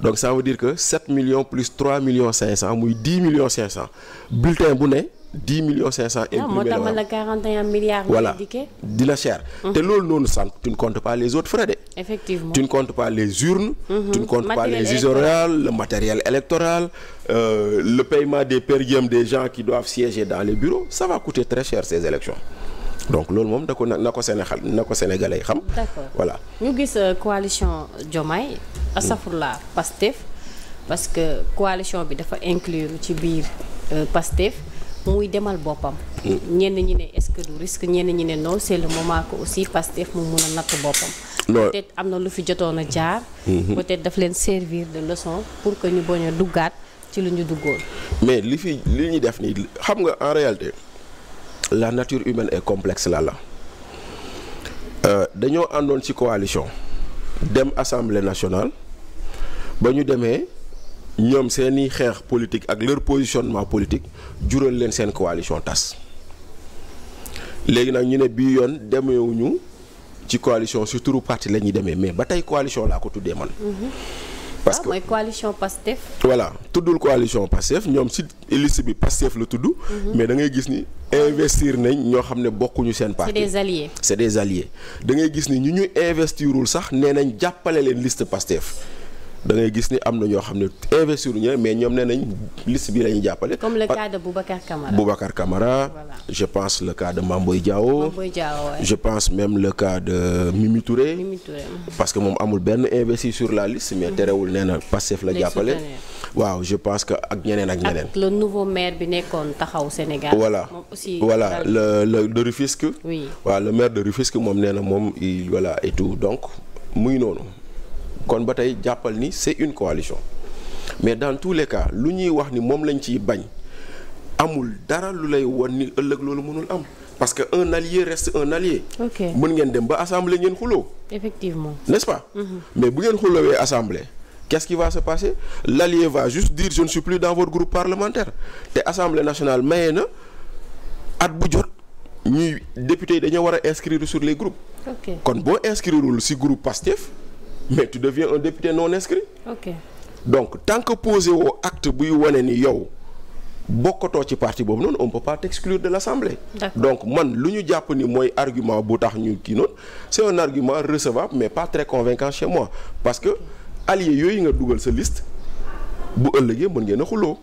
donc ça veut dire que 7 millions plus 3 millions 500, 10 millions 500, bulletin bu ne dix millions cinq cent et ah, moo tax ma la quarante et un milliards voilà di la cher mm-hmm. te loolu noonu sant tu ne comptes pas les autres frais de effectivement tu ne les urnes mm-hmm. tu ne comptes les usurales matériel électoral euh, le paiement des per diem des gens qui doivent siéger dans les bureaux ça va coûter très cher ces élections donc loolu moom da ko na ko Sénégal na ko sénégalais xam voilà ñu gis euh, coalition Diomaye asafurla Pastef parce que coalition bi dafa inclure ci biir euh, Pastef muy demal boppam. ñenn ñi ne est-ce risque ñenn ñi ne non c'est le moment que aussi Pastef mu mun a natt boppam. peut-être am na lu fi jotoon a jaar. Mhm. peut-être daf leen servir de leçon pour que ñu bañ a duggaat ci lu ñu duggoon. mais li fi li ñu def nii xam nga en réalité la nature humaine est complexe là la euh, dañoo àndoon ci coalition dem assemblée nationale ba ñu demee. ñoom seeni xeex politique ak leur positionnement politique jural leen seen coalition tas léegi nag ñu ne bii yoon demewuñu ci coalition surtout parti la ñuy demee mais ba tey coalition laa ko tuddee man. Mm-hmm. parce que ah, mooy coalition Pastef. voilà tuddul coalition Pastef ñoom si liste bi Pastef la tudd. Mm-hmm. mais da ngay gis ni investir nañ ñoo xam ne bokkuñu seen parti. c'est des alliés des alliés da gis ni ñu ñu investirul sax nee nañ jàppale leen liste Pastef. da ngay gis ni am na ñoo xam ne investir ñu mais ñoom nee nañ liste bi la jàppale. comme le cas de Boubacar Camara. Boubacar je pense le cas de Mamboy Diao. je pense même le cas de Mimi Touré. Mm-hmm. parce que moom amul benn investi sur la liste mais mm-hmm. terewul nee na Pastef la jàppale. waaw je pense que ak ñeneen ak ñeneen. ak le nouveau maire bi nekkoon taxaw Sénégal. voilà moom aussi le le de Rufisque. oui waaw le maire de Rufisque moom nee na moom voilà et donc muy noonu. kon ba tey jàppal ni c'est une coalition mais dans tous les cas lu ñuy wax ni moom lañ ciy bañ amul dara lu lay won ni ëllëg loolu mënul am parce que un allié reste un allié. mën ngeen dem ba assemblée ngeen xuloo. effectivement n'est-ce pas. Mhm. mais bu ngeen xuloowee assemblée. qu'est-ce qui va se passer l'allié va juste dire je ne dans votre groupe parlementaire te assemblée nationale maye na at bu jot ñuy député yi dañoo war a inscrire sur les groupes. kon boo inscrirul ci groupe Pastef. mais tu deviens un député non inscrit donc tant que posé woo acte buy wane ni yow bokkatoo ci parti boobu noonu on peut pas t'exclure de l'assemblée donc man lu ñu jàpp ni mooy argument bu tax ñu kii noonu c'est un argument recevable mais pas très convaincant chez moi parce que allié yooyu nga dugal sa liste bu ëllëgee mën ngeen a xuloo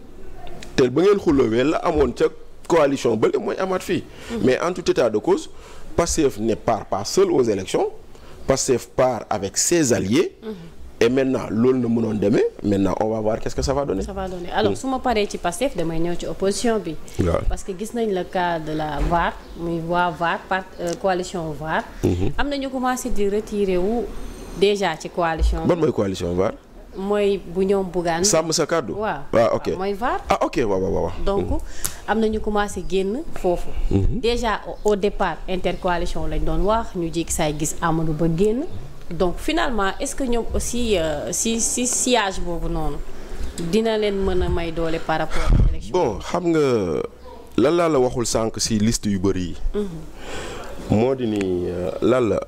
te ba ngeen xuloowee la amoon ca coalition bële mooy amaat fii mm-hmm. mais en tout état de cause Pastef ne par par seul aux élections Pastef part avec ses alliés. Mhm. et maintenant loolu na mënoon deme maintenant on va voir qu'est-ce que ça va donner. ça va donner alors mm. su ma paree ci Pastef damay ñëw ci opposition bi. parce que gis nañ le cas de la VAR muy waa VAR par euh, coalition VAR. Mhm. am na ñu commencé di retirer wu déjà ci coalition. ban mooy coalition VAR. mooy bu ñoom bugaan. sàmm sa kàddu waa waaw ah, ok mooy VAR. ah ok waaw waaw waaw. donc mm-hmm. am na ñu commencé génn foofu. Mm-hmm. déjà au départ intercoalition lañ doon wax ñu jékki saay gis Amadou Ba génn. donc finalement est-ce que ñoom aussi euh, si si boobu noonu dina leen mën a may doole par rapport bon xam nga lan laa waxul sànq si liste yu bëri yi. Mm-hmm. moo di ni euh, lan la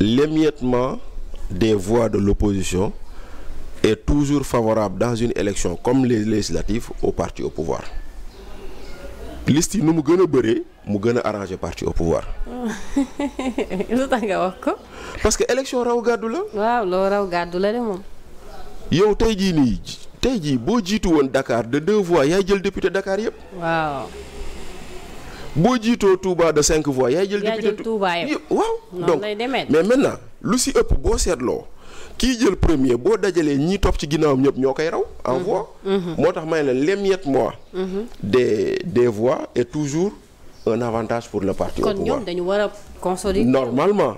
l'émiettement des de l'opposition. et toujours favorable dans une élection comme les législatives au parti au pouvoir liste yi nu mu gën a bëree mu gën a arrangé parti au pouvoir. lu tax nga wax ko. parce que élection raw gàddu la. waaw loo raw gàddu la de moom. yow tey jii nii tey jii boo jiitu woon Dakar de deux voix yaay jël député Dakar yëpp. boo jiitoo tuuba de cinq voix yaay jël. député Touba yëpp waaw. donc mais maintenant lu si ëpp boo seetloo. kii jël premier boo dajalee ñii topp ci ginnaawam ñëpp ñoo koy raw en mhm. voix mhm. moo tax may la l'émiettement mhm. des de voix et toujours un avantage pour le parti au pouvoir kon ñoom dañu war a normalement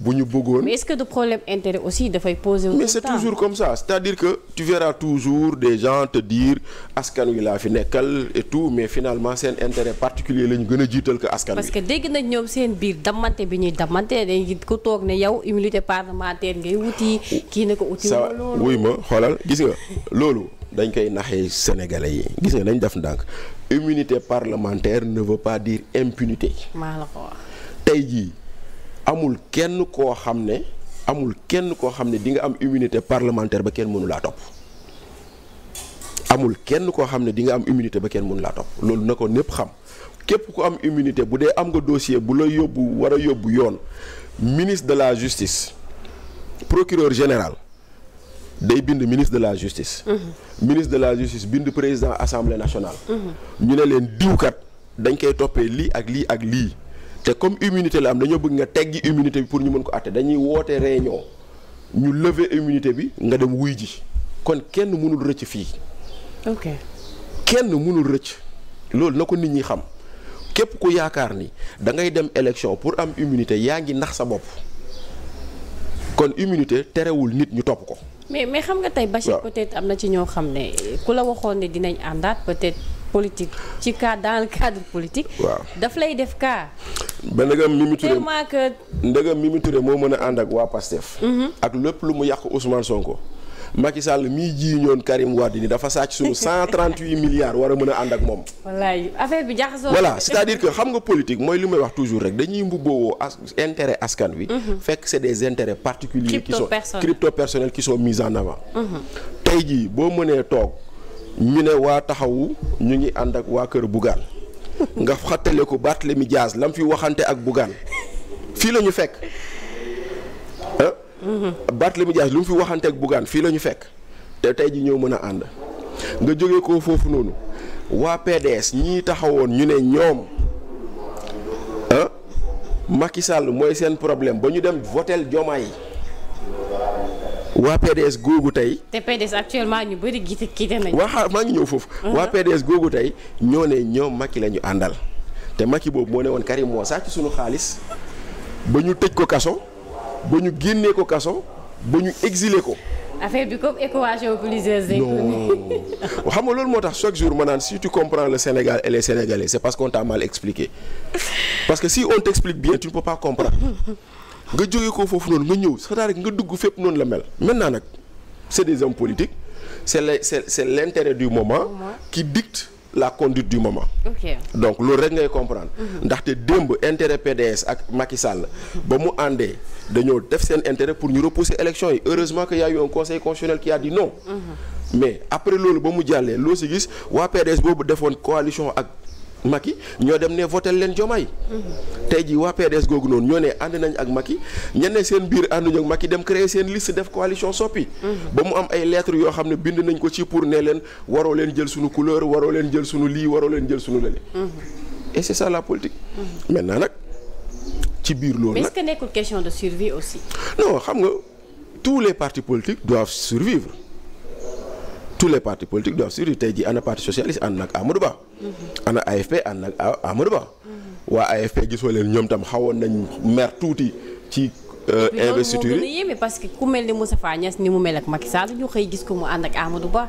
bu ñu bëggoon. mais est-ce que de problème intérêt aussi dafay poser. mais c'est toujours comme ça c'est-à-dire que tu verras toujours des gens te dire askan wi laa fi nekkal et tout mais finalement seen intérêt particulier la ñu gën a jiital ko askan wi. parce que dégg nañ ñoom seen biir damante bi ñuy damante dañuy ko toog ne yow immunité parlementaire ngay wuti. kii ne ko uti sa loolu wuy ma xoolal gis nga loolu. dañ koy naxee sénégalais yi gis nga dañ def ndànk immunité parlementaire ne veut pas dire impunité. maa la ko amul kenn koo xam ne amul kenn koo xam ne di nga am immunité parlementaire ba kenn mënu laa topp amul kenn koo xam ne di nga am immunité ba kenn mënu laa topp loolu na ko ñépp xam képp ku am immunité bu dee am nga dossier bu la yóbbu wara yóbbu yoon ministre de la justice procureur général day bind ministre de la justice. Mmh. ministre de la justice bind président assemblée nationale. Mmh. ñu ne leen diwkat dañ koy toppee lii ak lii ak lii. te comme immunité la am dañoo bëgg nga teggi immunité bi pour ñu mën ko àtte dañuy woote réunion ñu lever immunité bi nga dem wuy ji kon kenn mënul rëcc fii. ok kenn mënul rëcc loolu na ko nit ñi xam képp ku yaakaar ni da ngay dem élection pour am immunité yaa ngi ndax sa bopp kon immunité terewul nit ñu topp ko. mais mais xam nga tey. Bachir peut am na ci ñoo xam ne ku la waxoon ne dinañ àndaat peut-être. politique ci cas dans le cadre waaw daf lay def cas. ba ndegam Mimi Touré tellement que. ndegam Mimi Touré moo mën a ànd ak waa Pastef. Mhm. ak lépp lu mu yàq Ousmane Sonko. Macky Sall mii jiiñoon Karim Wade ni dafa sàcc suñu 138 milliards war a mën a ànd ak moom. wallaay affaire bi jaxasoo. voilà c'est-à-dire que xam nga politique mooy li may wax toujours rek dañuy mbubboo as intérêt askan wi. Mhm. fekk c'est des intérêts particuliers. crypto personnels qui sont crypto personnels qui sont en avant. Mhm. jii boo mënee toog. ñu ne waa taxawu ñu ngi ànd ak waa kër Bougane nga xattaleku Barthélémy Dias lam fi waxante ak Bougane fii la ñu fekk ah. Barthélémy Dias fi waxante ak Bougane fii la fekk te tey ji ñëw mën a ànd nga jóge ko foofu noonu waa PDS ñii taxawoon ñu ne ñoom ah Macky Sall mooy seen problème ba ñu dem votel jomaa yi waa PDS googu tey. te PDS actuellement ñu bëri gite gite nañu. waa maa ngi ñëw foofu. Uh-huh. waa PDS googu tey ñoo ne ñoom Macky la ñu àndal te Macky boobu moo ne woon Karim moo sàcc suñu xaalis ba ñu tëj ko kaso ba ñu génnee ko kaso ba ñu exilé ko. affaire bi comme équation plusieurs économies. non xam moo tax chaque jour ma naan si tu comprends le Sénégal e les Sénégalais c'est parce qu'on t'a mal expliqué parce que si on t'explique bien tu ne peux pas comprendre. nga jóge ko foofu noonu nga ñëw cest nga dugg fépp noonu la mel maintenant nag c'est des hommes politiques c'est le c'est c'est du moment qui dicte la conduite du moment okay. donc loolu rek ngay comprendre mhm. ndaxte démb intérêt PDS ak Macky ba mu àndee dañoo def seen intérêt pour ñu repousser élection yi heureusement que y a conseil constitutionnel qui a dit non mhm. mais après loolu ba mu jàllee loo si gis waa PDS boobu defoon coalition ak Macky ñoo dem ne votel leen Diomaye tey jii waa PDS googu noonu ñoo ne ànd nañ ak Macky ñenne seen biir ànduñu ak Macky dem créer seen liste def coalition soppi ba mu am ay lettres yoo xam ne bind nañ ko ci pour ne leen waroo leen jël suñu couleur waroo leen jël suñu lii waroo leen jël suñu lële et c'est ça la politique maintenant nag ci biir loo nag mais est de survie aussi xam nga tous les partis politiques doivent survivre tous les partis politiques doivent suivre tey jii ana parti socialiste ànd nag Amadou Ba. ana AFP ànd nag Amadou Ba. waa AFP gisoo leen ñoom tam xawoon nañ mer tuuti ci. Euh, investiture yi parce que ku mel ni Moustapha Niasse ni mu mel ak Macky Sall ñu xëy gis ko mu ànd ak Amadou Ba.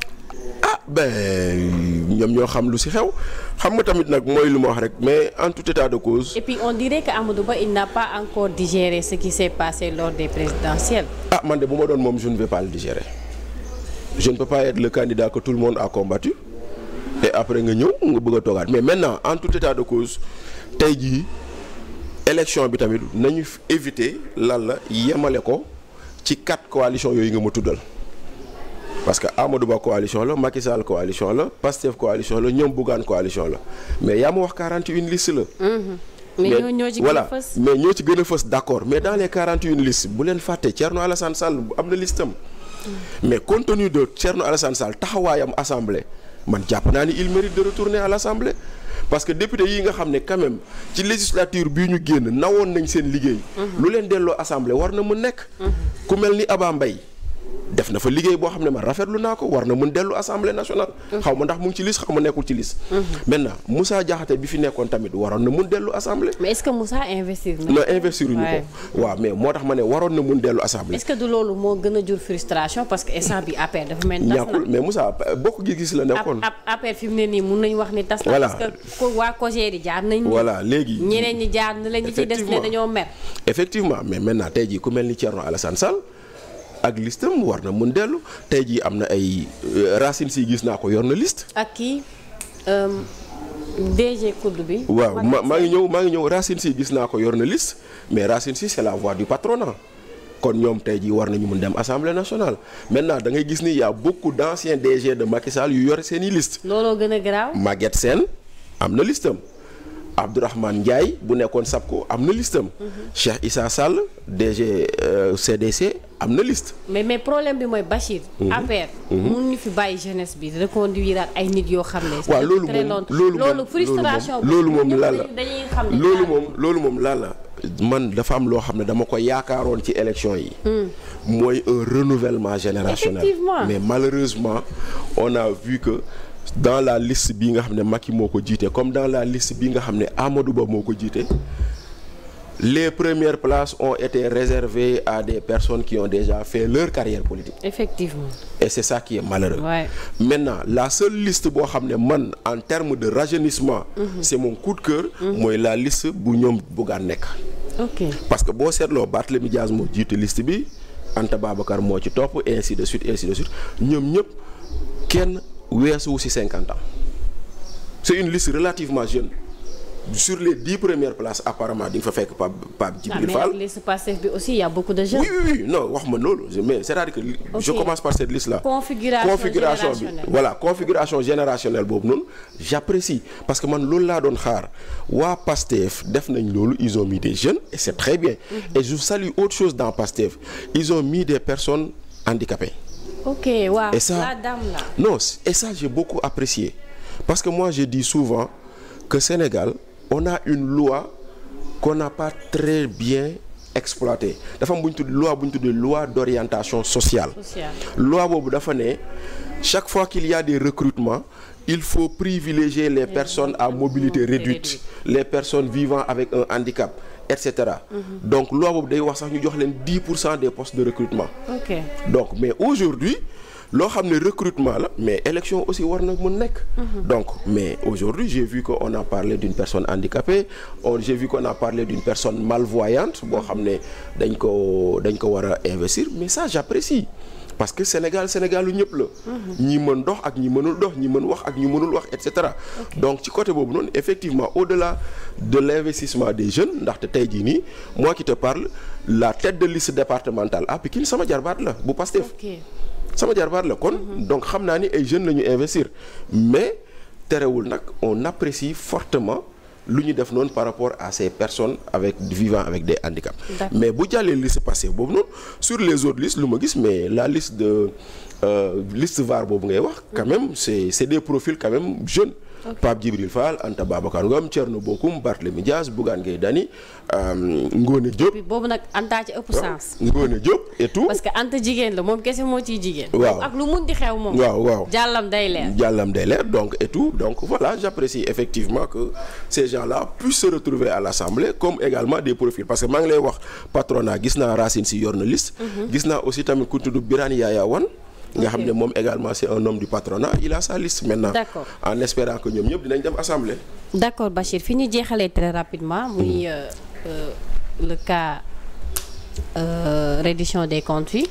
ah ben ñoom ñoo xam lu si xew xam nga tamit nag mooy lu ma wax rek mais en tout état de cause. et puis on dirait que Amadou Ba il n'a pas encore digéré ce qui s'est passé lors des ah, man bu ma doon moom je ne vais jeune ne peux pas être le candidat que tout le monde a combattu et après nga ñëw nga bëgg a toogaat mais maintenant en tout état de cause tey jii élection bi tamit nañu éviter lan la yemale ko ci quatre coalitions yooyu nga ma tuddal parce que Ba coalition la Macky coalition la Pastef coalition la ñoom Bougane coalition la mais yaa ma wax 41 la. Mhm. mais ñoo ñoo ci gën a fës voilà mais ñoo ci gën a fës d' accord mais dans les bu leen fàtte Thierno Alassane Sall am na listam mais compte tenu de Thierno Alassane Sall taxawaayam assemblée man jàpp naa ne il mérite de retourner à l' assemblée parce député yi nga xam ne quand même ci législature bii ñu génn nawoon nañ seen liggéey. Mhm. lu leen delloo assemblée war na mu nekk. Mhm. ku mel ni Aba mbay def na fa liggéey boo xam ne ma rafetlu naa ko war na mën dellu assemblée nationale. Mm-hmm. xaw ma ndax mu ngi ci liste xaw ma nekkul ci liste. Mm-hmm. maintenant nekkoon tamit waroon na mën dellu assemblée. mais est-ce que Moussa investir na. moo tax ma ne waroon na mën dellu assemblée. est moo gën a jur frustration parce que instant bi APR dafa mel. ñàkkul mais bokk gis la nekkoon. APR fi mu ne nii mun wax ni tas na. jaar nañu. voilà léegi ñeneen ñi jaar na la ñu ci des ne dañoo mer. effectivement mais maintenant tey jii ku mel ni Thierno Alassane Sall ak listam war na mun dellu tey jii am na ay euh, Racine si gis naa ko yor na list ak kii euh, DG Koudou bi. waaw ma maa ngi ñëw maa ngi ñëw Racine si gis naa ko yor na list mais Racine si c'est la voix du patronat. kon ñoom tey jii war nañu mun dem assemblée nationale maintenant da ngay gis ni y' a beaucoup d' anciens de Macky yu yore seen i liste. looloo gën a garaaw. Maguette Sène am na listam Abdourahmane Ndiaye bu nekkoon SAPCO am na listam mhm. Cheikh Issa Sall DG CDC euh, am na liste. mais mais problème bi mooy Bachir. Mhm. affaire mënuñu mhm. fi bàyyi jeunesse bi reconduire ay nit yoo xam ne. waaw loolu moom loolu moom frustration loolu moom loolu moom loolu moom la la man dafa am loo xam ne dama ko yaakaaroon ci élection yi. Hmm. mooy un renouvellement générationnel. mais malheureusement on a vu que. dans la liste bi nga xam ne Macky moo ko jiite comme dans la liste bi nga xam ne Amadou Ba moo ko jiite les premières places on été réservées à des personnes qui ont déjà fait leur carrière politique. effectivement. et c'est ça malheureux. Ouais. maintenant la seule liste boo xam ne man en terme de rajeunissement. Mm-hmm. c'est mon mhm. mooy la liste bu ñoom buggaan nekk. parce que boo seetloo Barthélémy Diaz moo jiite liste bi Anta Babacar moo ci topp et ainsi de suite ainsi de suite ñoom ñëpp weesuwu ci cinquante ans c'est une liste relativement jeune sur les dix premières places apparemment di nga fa fekk Pape Pape Djibril Fall. mais liste non wax ma loolu mais c'est-à-dire que. Okay. je commence par cette liste là. configuration, configuration boobu noonu. j'apprécie parce que man loolu laa doon xaar waa Pastef def nañ loolu ils ont mis des jeunes et c'est très bien. Mhm. et je salue autre chose dans Pastef ils ont mis des personnes handicapées. ok waaw la dame là non et ça j'ai beaucoup apprécié parce que moi je dis souvent que Sénégal on a une loi qu'on n'a pas très bien exploitée dafa am bu tudd loi bu ñu tudd loi d'orientation sociale. sociale loi boobu dafa ne chaque fois qu'il y a des recrutements. il faut privilégier les personnes à mobilité réduite les personnes vivant avec un handicap et cetera. donc loi boobu day wax sax ñu jox leen dix pour cent des postes de recrutement. ok donc mais aujourd'hui loo xam ne recrutement la mais élection aussi war na mën nekk. Mhm. donc mais aujourd'hui j'ai vu que on a parlé d'une personne handicapée on j'ai vu qu'on a parlé d'une personne malvoyante boo xam ne dañ ko dañ ko war a investir mais après j'apprécie parce que Sénégal sénégalu lu ñëpp la. ñi mën dox ak ñi mënul dox ñi mën wax ak ñi mënul wax et cetera. donc ci côté boobu noonu effectivement au-delà de l'investissement des jeunes ndaxte tey jii nii moi qui te parle la tête de liste départementale à Pikine sama jarbaat la bu Pastef. sama jarbaat la kon. Mhm. donc xam naa ni ay jeune la ñu investir mais terewul nag on apprécie fortement. lu ñu def noonu par rapport à ces personnes avec vivant avec des handicaps mais bu jàllee liste passé boobu noonu sur les autres listes lu ma gis mais la liste de euh, liste VAR boobu ngay wax quand même c'est c'est des profils quand même jeunes Pape Djibril Fall Anta Babacar Ngom Thierno Bocoum Barthélémy Dias Bougane Gueye Dany euh, Ngone boobu nag Anta ci ëpp sens Ngone Diop et parce que Anta jigéen la moom kese moo ci jigéen waaw ak lu mun di xew moom waaw waaw jàllam day leer jàllam day leer donc et tout donc voilà j'apprécie effectivement que ces gens-là puissent se retrouver à l'Assemblée comme également des profils parce que maa ngi lay wax patronat gis naa Racine si yor na mhm. gis naa aussi tamit ku nga xam ne moom également c'est un homme du patronat il a sa liste maintenant. d'accord en espérant que ñoom ñëpp dinañ dem assemblée. d'accord Bachir fi ñu jeexalee très rapidement. muy hmm. euh, euh, le cas. Euh, reddition des comptes yi.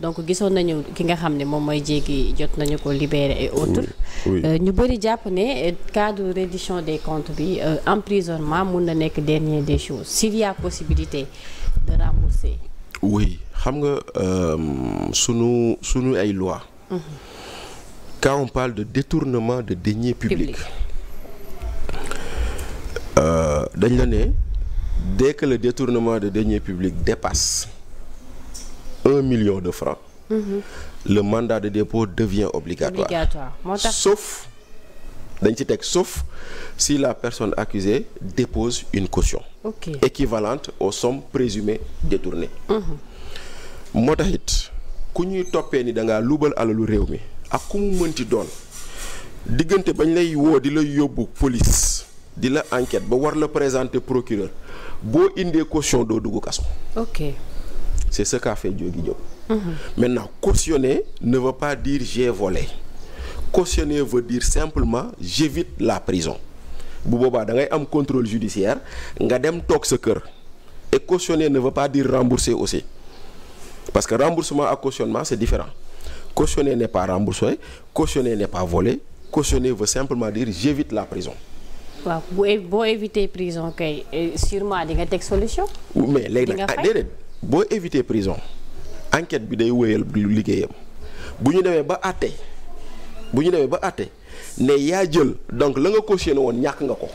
donc gisoon nañu ki nga xam ne moom mooy jéegi jot nañu ko libéré et autres. Euh, ñu bëri jàpp ne cadre reddition des comptes bi euh, emprisonnement mun na nekk dernier des choses s'il y possibilité de rembourser. xam nga euh, sunu sunu ay loi mm-hmm. quand on parle de détournement de deniers publics euh, dañ la ne dès que le détournement de deniers publics dépasse un million de francs mm -hmm. le mandat de dépôt devient obligatoire, obligatoire. sauf dañ ci teg sauf si la personne accusée dépose une caution okay. équivalente aux sommes présumées détournées mm-hmm. moo tax it ku ñuy toppee ni da ngaa luubal alalu réew mi ak ku mu mënti doon diggante bañ lay woo di la yóbbu police di la enquête ba war la présenter procureur boo indee caution doo dugg kaso. ok c'est ce qu'a fait Diogui Diop. Mhm. maintenant cautionner ne veut pas dire j'ai volé cautionner veut dire simplement j'évite la prison bu boobaa da ngay am contrôle judiciaire nga dem toog sa kër et cautionner ne veut pas dire rembourser aussi. parce que remboursement ak cautionnement c'est différent cautionner n'est pas remboursé cautionner n'est pas volé cautionner veut simplement dire j'évite la prison waaw bu boo éviter prison kay sûrement di nga teg solution mais léegi nag ah déedéet boo éviter prison enquête bi day wéyal lu liggéeyam bu ñu demee ba àtte bu ñu demee ba àtte ne yaa jël donc la nga cautionné woon ñàkk nga ko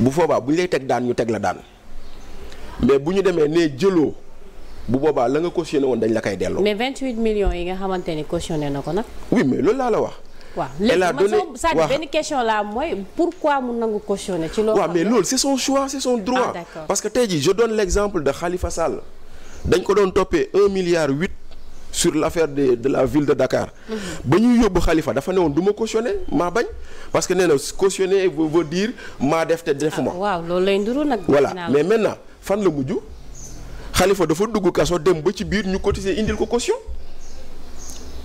bu foobaa bu ñu lay teg daan ñu teg la daan mais bu ñu demee ne jëloo bu boobaa la nga cautionné woon dañ la koy delloo. mais 28 millions yi nga xamante ni cautionné na ko nag. oui mais loolu laa la wax. waaw léegi man soo benn question la mooy pourquoi droit. Ah, parce que tey jii je donne l'exemple de Khalifa Sall. dañ ko doon toppee un milliard huit sur l'affaire de de la ville de Dakar. Mhm. ba ñuy yóbbu Khalifa dafa ne woon du ma cautionné maa bañ. parce que nee na cautionné veut dire maa def te defuma. Ah, waaw loolu lay nduru nag. voilà mais maintenant fan la mujj. xalifa dafa dugg kaso dem ba ci biir ñu cotiser indil ko caution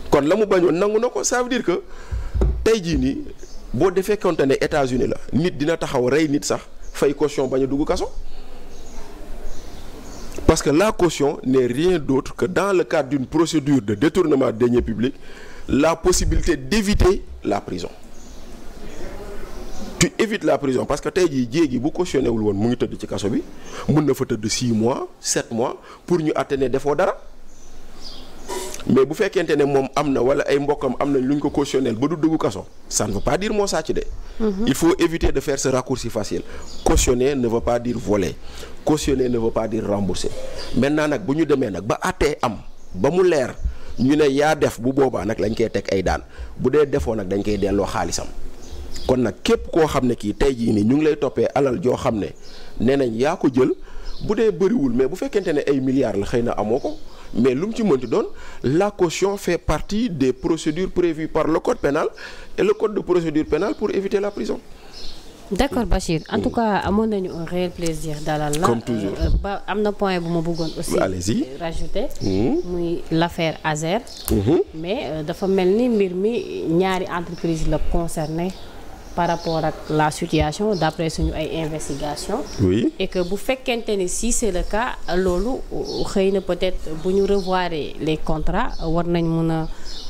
kon la mu bañoon nangu na ko ça veut que tey jii nii boo defee konte ne États-Unis la nit dina taxaw rey nit sax fay caution bañ a dugg kaso parce que la caution n'est rien d'autre que dans le cadre d'une procédure de détournement de deniers publics la possibilité d'éviter la prison tu évites la prison parce que tey jii jéegi bu cautionné wul woon mu ngi tëdd ci kaso bi mun na fa tëdd 6 mois 7 mois pour ñu àtte ne defoo dara mais bu fekkente ne moom am na wala ay mbokkam am na lu ñu ko cautionné ba du dugg kaso ça ne veut pas dire moo sàcc de. Mm-hmm. il faut éviter de faire ce raccourci facile cautionner ne veut pas dire voler cautionner ne veut pas dire rembourser maintenant nag bu ñu demee nag ba àttee am ba mu leer ñu ne yaa def bu boobaa nag lañ koy teg ay daan bu dee defoo nag dañ koy delloo xaalisam. kon nag képp koo xam ne kii tey jii nii ñu ngi lay toppee alal joo xam ne nee nañ yaa ko jël bu dee bëriwul mais bu fekkente ne ay milliards la xëy na amoo ko mais lu mu ci mënti doon la caution fait partie des procédure prévues par le code pénal et le code de procédure pénale pour éviter la prison. d'accord Bachir en tout cas amoon nañu un réel plaisir dalal la comme toujours euh, ba am na point bu ma bëggoon aussi allez-y rajouter hmm. muy l'affaire Azer hmm. mais euh, dafa mel ni mbir mi ñaari entreprise la concerné par rapport ak la situation d'après suñu ay investigation oui que bu fekkente ni si c'est le cas loolu xëy na peut-être bu ñu revoir les contrats war nañ mën a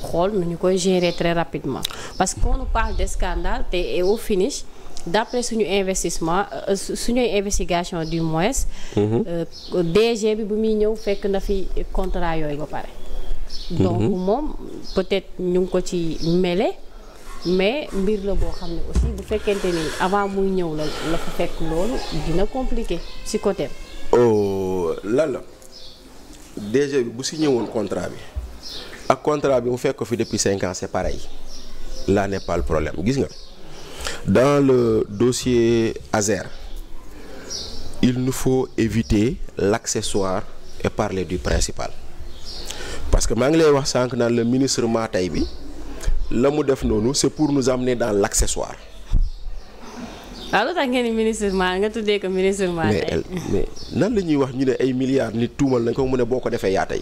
xool nu ñu koy gérer très rapidement parce qu'on nous parle de scandale te et au finish d'après suñu investissement euh, suñuy investigation du moins mm-hmm. euh, DG bi bu muy ñëw fekk na fi contrat yooyu ba pare mm-hmm. donc moom peut-être ñu ngi ko ci mêlé mais mbir la boo xam ne aussi bu fekkente ni avant muy ñëw la la fa fekk loolu dina compliqué si côté oh lan la DG bi bu signé woon contrat bi ak contrat bi mu fekk ko fi depuis cinq ans c'est pareil là n'est problème gis nga dans le dossier Azer il nous faut éviter l'accessoire et parler du principal parce que maa ngi lay wax sànq naan le ministre Matay bi la mu def noonu c'est pour nous amener dans l'accessoire. waaw ah, lu tax ngeen ni ministre maa nga tuddee ko ministre maa mais nan la ñuy wax ñu ne ay milliards nit tuumal nañ ko mu ne boo ko defee yaa tey.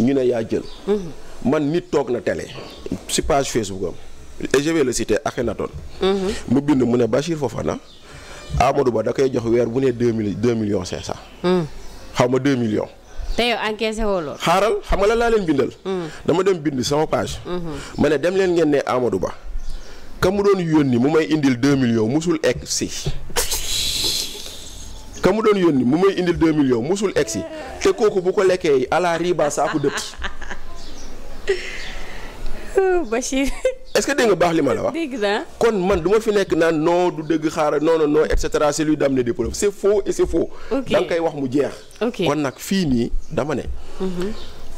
ñu ne yaa jël. Mhm. man nit toog na télé. si page Facebook am et je vais le citer mhm. mu bind mu ne Bachir Fofana Amadou Ba da koy jox weer bu ne deux mille deux millions cinq cent. Mhm. xaw ma deux millions. te yow encaissé woo loolu. xaaral xam nga la laa leen bindal. dama dem bind sama page. ma ne dem leen ngeen ne Amadou Ba. ka mu doon yónni mu may indil deux millions musul egg si. ka mu doon yónni mu may indil 2 millions musul egg si te kooku bu ko lekkee ala riba saako dëtt. Oh, Bachir. est-ce que dégg nga baax li ma la wax. dégg kon man duma ma fi nekk naan noo du dëgg xaaral non non non et cetera c'est lui d'amener des preuves c'est faux et koy wax mu jeex. ok kon nag fii nii dama ne. Mhm.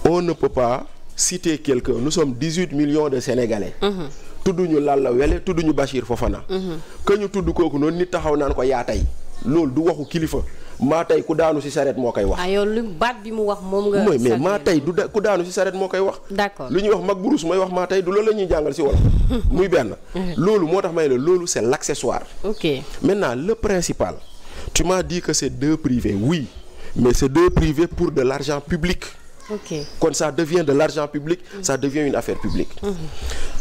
on ne peut pas citer quelqu'un nous sommes 18 millions de Sénégalais. Mhm. tudduñu Lalla Wele tudduñu Bachir Fofana. que mhm. ñu tudd kooku noonu nit taxaw naan ko yaa tey. loolu du waxu kilifa maa tey ku daanu ci sareet moo koy wax. ah yow lu baat wax moom mooy mais maa tey du da ku daanu ci sareet moo koy wax. d'accord lu ñuy wax mag burus mooy wax maa tey du loolu la ñuy jàngal ci wolof. muy benn. loolu moo tax may la loolu c'est l'accessoire. ok maintenant le principal. tu m'as dit que c'est deux privés oui mais c'est deux privés pour de l'argent public. ok kon ça devient de l'argent public. Mm. ça devient une affaire publique. Mm-hmm.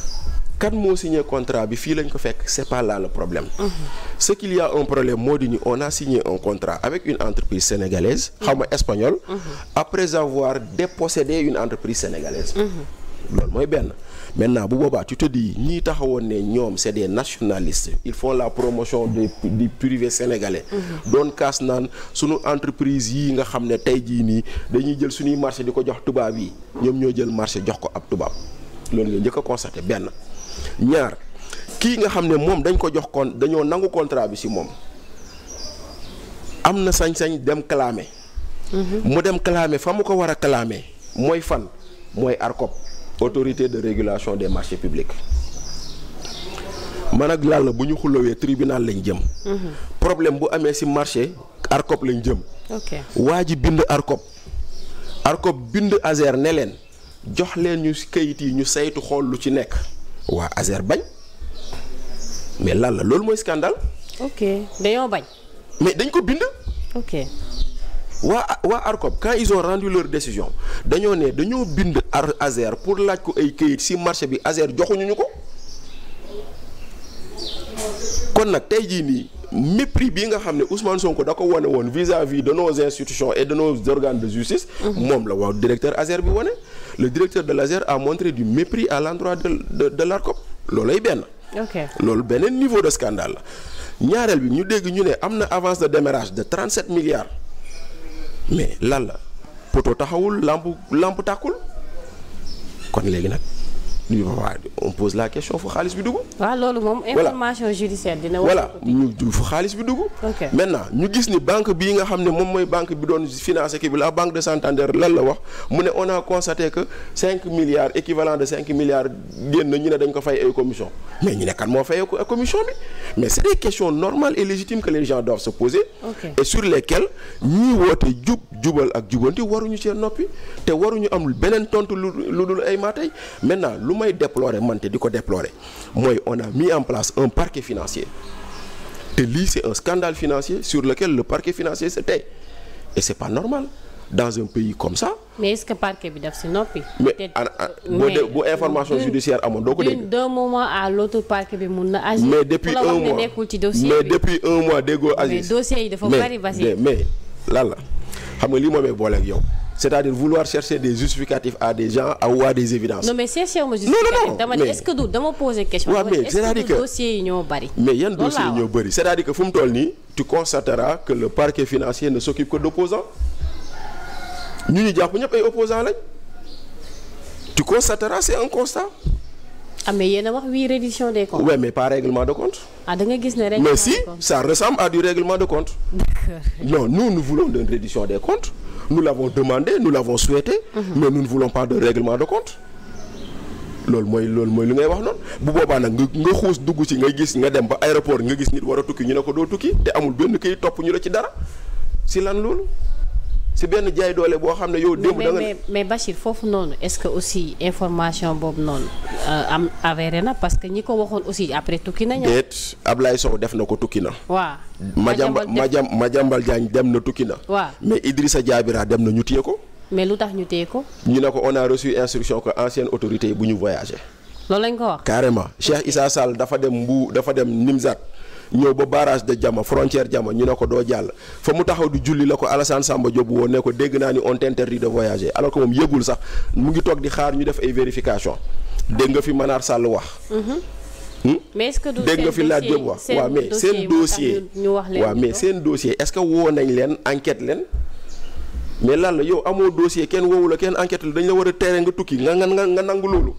kan moo signé contrat bi fii lañ ko fekk c'est pas là le problème mm -hmm. ce qu'il a un problème moo di ni on a signé un contrat avec une entreprise sénégalaise xaw ma espagnole après avoir dépossédé une entreprise sénégalaise loolu mooy benn maintenant bu boobaa tu te dis ñii taxawoon ne ñoom c'est des nationalistes ils font la promotion du du privé sénégalais. doon kaas naan sunu entreprise yii nga xam ne tey jii nii dañuy jël suñuy marché di ko jox tubaab yi. ñoom ñoo jël marché jox ko ab tubaab loolu nga njëkk a benn. ñaar kii nga xam ne moom dañ ko jox kon dañoo nangu contrat bi ci moom am na sañ-sañ dem clamer. Mhm. mu dem clamer fa mu ko war a clamer mooy fan mooy ARCOP autorité de régulation des marchés publics man ak yàlla bu ñu xulawee tribunal lañ jëm. Mhm. problème bu amee ci marché ARCOP lañ jëm. waa ji bind ARCOP. ARCOP bind ASER ne leen jox leen ñu kayit yi ñu saytu xool lu ci nekk. waa Azer bañ mais lan la loolu mooy scandale. ok dañoo bañ. mais dañ ko bind. ok waa waa ARCOP quand ils rendu leur décision dañoo ne dañoo bind Azer pour laaj ko ay kayit ci marché bi Azer joxuñu ñu ko kon nag tey jii nii mépris bi nga xam ne Ousmane Sonko da ko wane woon vis-à-vis de nos institutions et de nos organes de justice. moom la waaw directeur ASER bi wane. le directeur de l'ASER a montré du mépris à l'endroit de de de l'ARCOP loolay benn. ok loolu beneen niveau de scandale la ñaareel bi ñu dégg ñu ne am na avance de démarrage de 37 milliards mais lan la poto taxawul làmp lamp tàkkul kon léegi nag. ñu waaw on pose la question fu xaalis bi dugg. waaw loolu moom information judiciaire dina. voilà ñu fu xaalis bi dugg. maintenant ñu gis ni banque bii nga xam ne moom mooy banque bi doon financé kii bi la banque de Santander lan la wax mu ne on a constaté que 5 milliards équivalent de 5 milliards génn ñu ne dañ ko fay ay commission mais ñu ne kan moo fay commission bi. mais c'est des question normales et légitimes que les gens doivent se poser et sur lesquelles ñii woote jub jubal ak jubanti waruñu cee noppi te waruñu am beneen tontu lu lu dul ay maatay maintenant lu may déplorer man te di ko déplorer mooy on a mis en place un parquet financier te lii c'est un scandale financier sur lequel le parquet financier se tait et c'est pas normal dans un pays comme ça. mais est-ce bi daf si noppi. mais ah, bu information judiciaire amoon doo ko dégg. d'un moment à l'autre parquet bi mun na agir. mais depuis un mois nekkul ci dossier mais mais dossier yi dafa bari basé. mais lan la xam nga lii moomee boole yow. c'est-à-dire vouloir chercher des justificatifs à des gens à ou des évidences. non mais chercher ma justificatif dama ne est que du dama poser question. mais c'est-à-dire que yi ñoo bari. mais yan dossiers yi ñoo bari cest ñu ñu jàpp ñëpp ay opposants lañ tu constateras c'est un constat. ah mais yéen a wax oui reddition des comptes. mais pas réglement de compte. ah da nga gis ne mais si ça ressemble à du règlement de compte. non nous nous voulons une des comptes nous l'avons demandé nous l'avons souhaité. Mm -hmm. mais nous ne voulons pas de règlement de compte. loolu mooy loolu mooy li ngay wax noonu bu boobaa nag nga nga xuus dugg ci nga gis nga dem ba aéroport nga gis nit war tukki ñu ne ko doo tukki te amul benn kii topp ñu la ci dara si lan loolu. si benn jaay doole boo xam ne yow. démb da nga mais mais Bachir foofu noonu est-ce que aussi information boobu noonu euh, am avéré na parce que ñi ko waxoon aussi après tukki na. déet Ablaye Sow def na ko tukki na. waaw Madiambal Madiambal Madiambal Diagne dem na tukki na. waaw mais Idrissa Diabira dem na ñu téye ko. mais lu tax ñu téye ko. ñu ne ko on a reçu instruction que ancienne autorité bu ñu voyagé. loolu lañ ko wax. carrément Cheikh Issa Sall dafa dem Mbu dafa dem Nimzat. ñëw ba barrage de jama frontière Diama ñu ne ko doo jàll fa mu taxaw di julli la ko Alassane Samba Diop woon ne ko dégg naa ni on t'interdit de voyager alors que moom yëgul sax mu ngi toog di xaar ñu def ay vérification dégg nga fi Manar Sall wax. Mhm. Hmm? mais que dégg nga fi laaj Diop wax waaw mais seen dossier waaw mais seen dossier est-ce que woo nañ leen enquête leen. mais lan la yow amoo dossier kenn woowu la kenn enquête la dañ la war a tere nga tukki nga nga nga nangu loolu.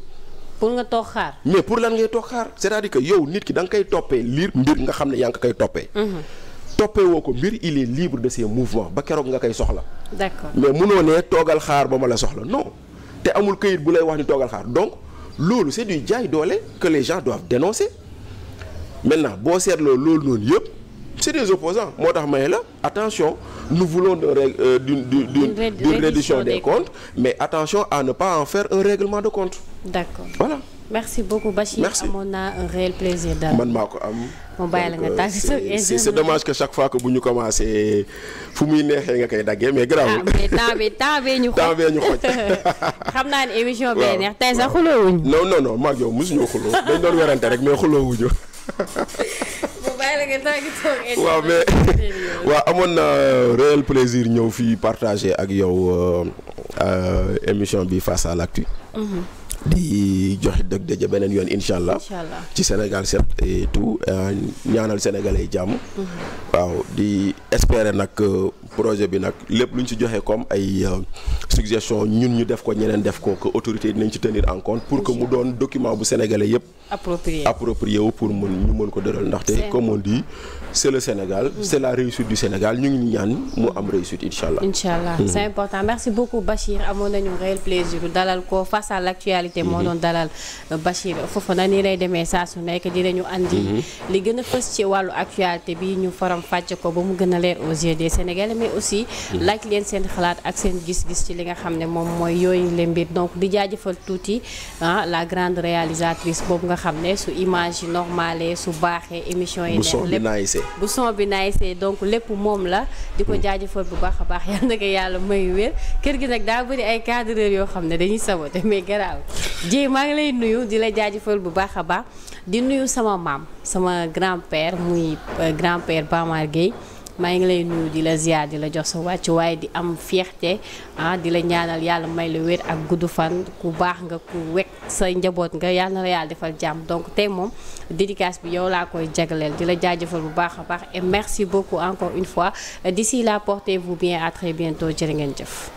pour nga toog xaar. mais pour lan ngay toog xaar c'est-à-dire que yow nit ki da nga koy toppee liir mbir nga xam ne yaa nga koy toppee. Mhm. toppee woo ko mbir il est libre de ses mouvements ba keroog nga koy soxla. mais munoo ne toogal xaar ba ma la soxla non te amul kayit bu lay wax ni toogal xaar donc loolu c'est du jaay doole que les gens doivent dénoncer maintenant boo seetloo loolu noonu yëpp. c'est des opposants moo tax may la attention nous voulons euh, d'une d'une mais attention en faire un règlement de d'accord voilà. merci beaucoup Bachir. merci amoon naa un réel plaisir daal. man maa ko am. moo nga tàggatoo c'est dommage que chaque fois que bu ñu commencé fu muy neexee nga koy daggee mais garaawul. ah mais temps bi xuloo wuñu. non non non maa ngi yow mosuñoo xuloo dañ doon werante rek mais xuloo wuñu. waaw mais waaw amoon na réel plaisir ñëw fii partager ak yow euh, euh, émission bi face à di joxe dëgg daje beneen yoon incha allah. ci Sénégal set et tout euh, ñaanal sénégalais jàmm. Mm-hmm. waaw di espérer nag. Euh, projet bi nag lépp lu ñu ci joxe comme ay euh, suggestion ñun ñu def ko ñeneen def ko que autorité dinañ ci tenir en compte pour ko mu doon document bu sénégalais yëpp approprié approprié wu pour mën ñu mën ko dëral ndaxte comme mm. la réussite du Sénégal ñu ngi ñaan mu am réussite incha allah incha allah mm. c'est important merci beaucoup Bachir amoon nañu réel plaisir dalal ko face à moo mm-hmm. doon dalal euh, Bachir foofu na ni lay demee saa nekk dinañu andi mm-hmm. li gën a fës ci wàllu actualité bi ñu faram fàcce ko ba mu a leer aussi laaj leen seen xalaat ak seen gis-gis ci li nga xam ne moom mooy yooyu le mbir donc di jaajëfal tuuti ah la grande réalisatrice boobu nga xam ne su image yi normale su baaxee émission yi neex bu son bi naayisee donc lépp moom la di ko hmm. jaajëfal bu baax a baax yàlla na ko yàlla may wér kër gi nag daa bëri ay cadreur yoo xam ne dañuy sabote mais garaaw jéy maa ngi lay nuyu di la jaajëfal bu baax a baax di nuyu sama maam sama grand-père muy euh, grand-père Bamar maa ngi lay nuyu di la ziar di la jox sa wàcc waaye di am fierté ah di la ñaanal yàlla may la wér ak gudd fan ku baax nga ku wekk sa njaboot nga yàlla na la yàlla defal jàmm donc tey moom dédicace bi yow laa koy jagaleel di la jaajëfal bu baax a baax et merci beaucoup encore une fois d'ici là portez bu bien à très bientôt jërë ngeen jëf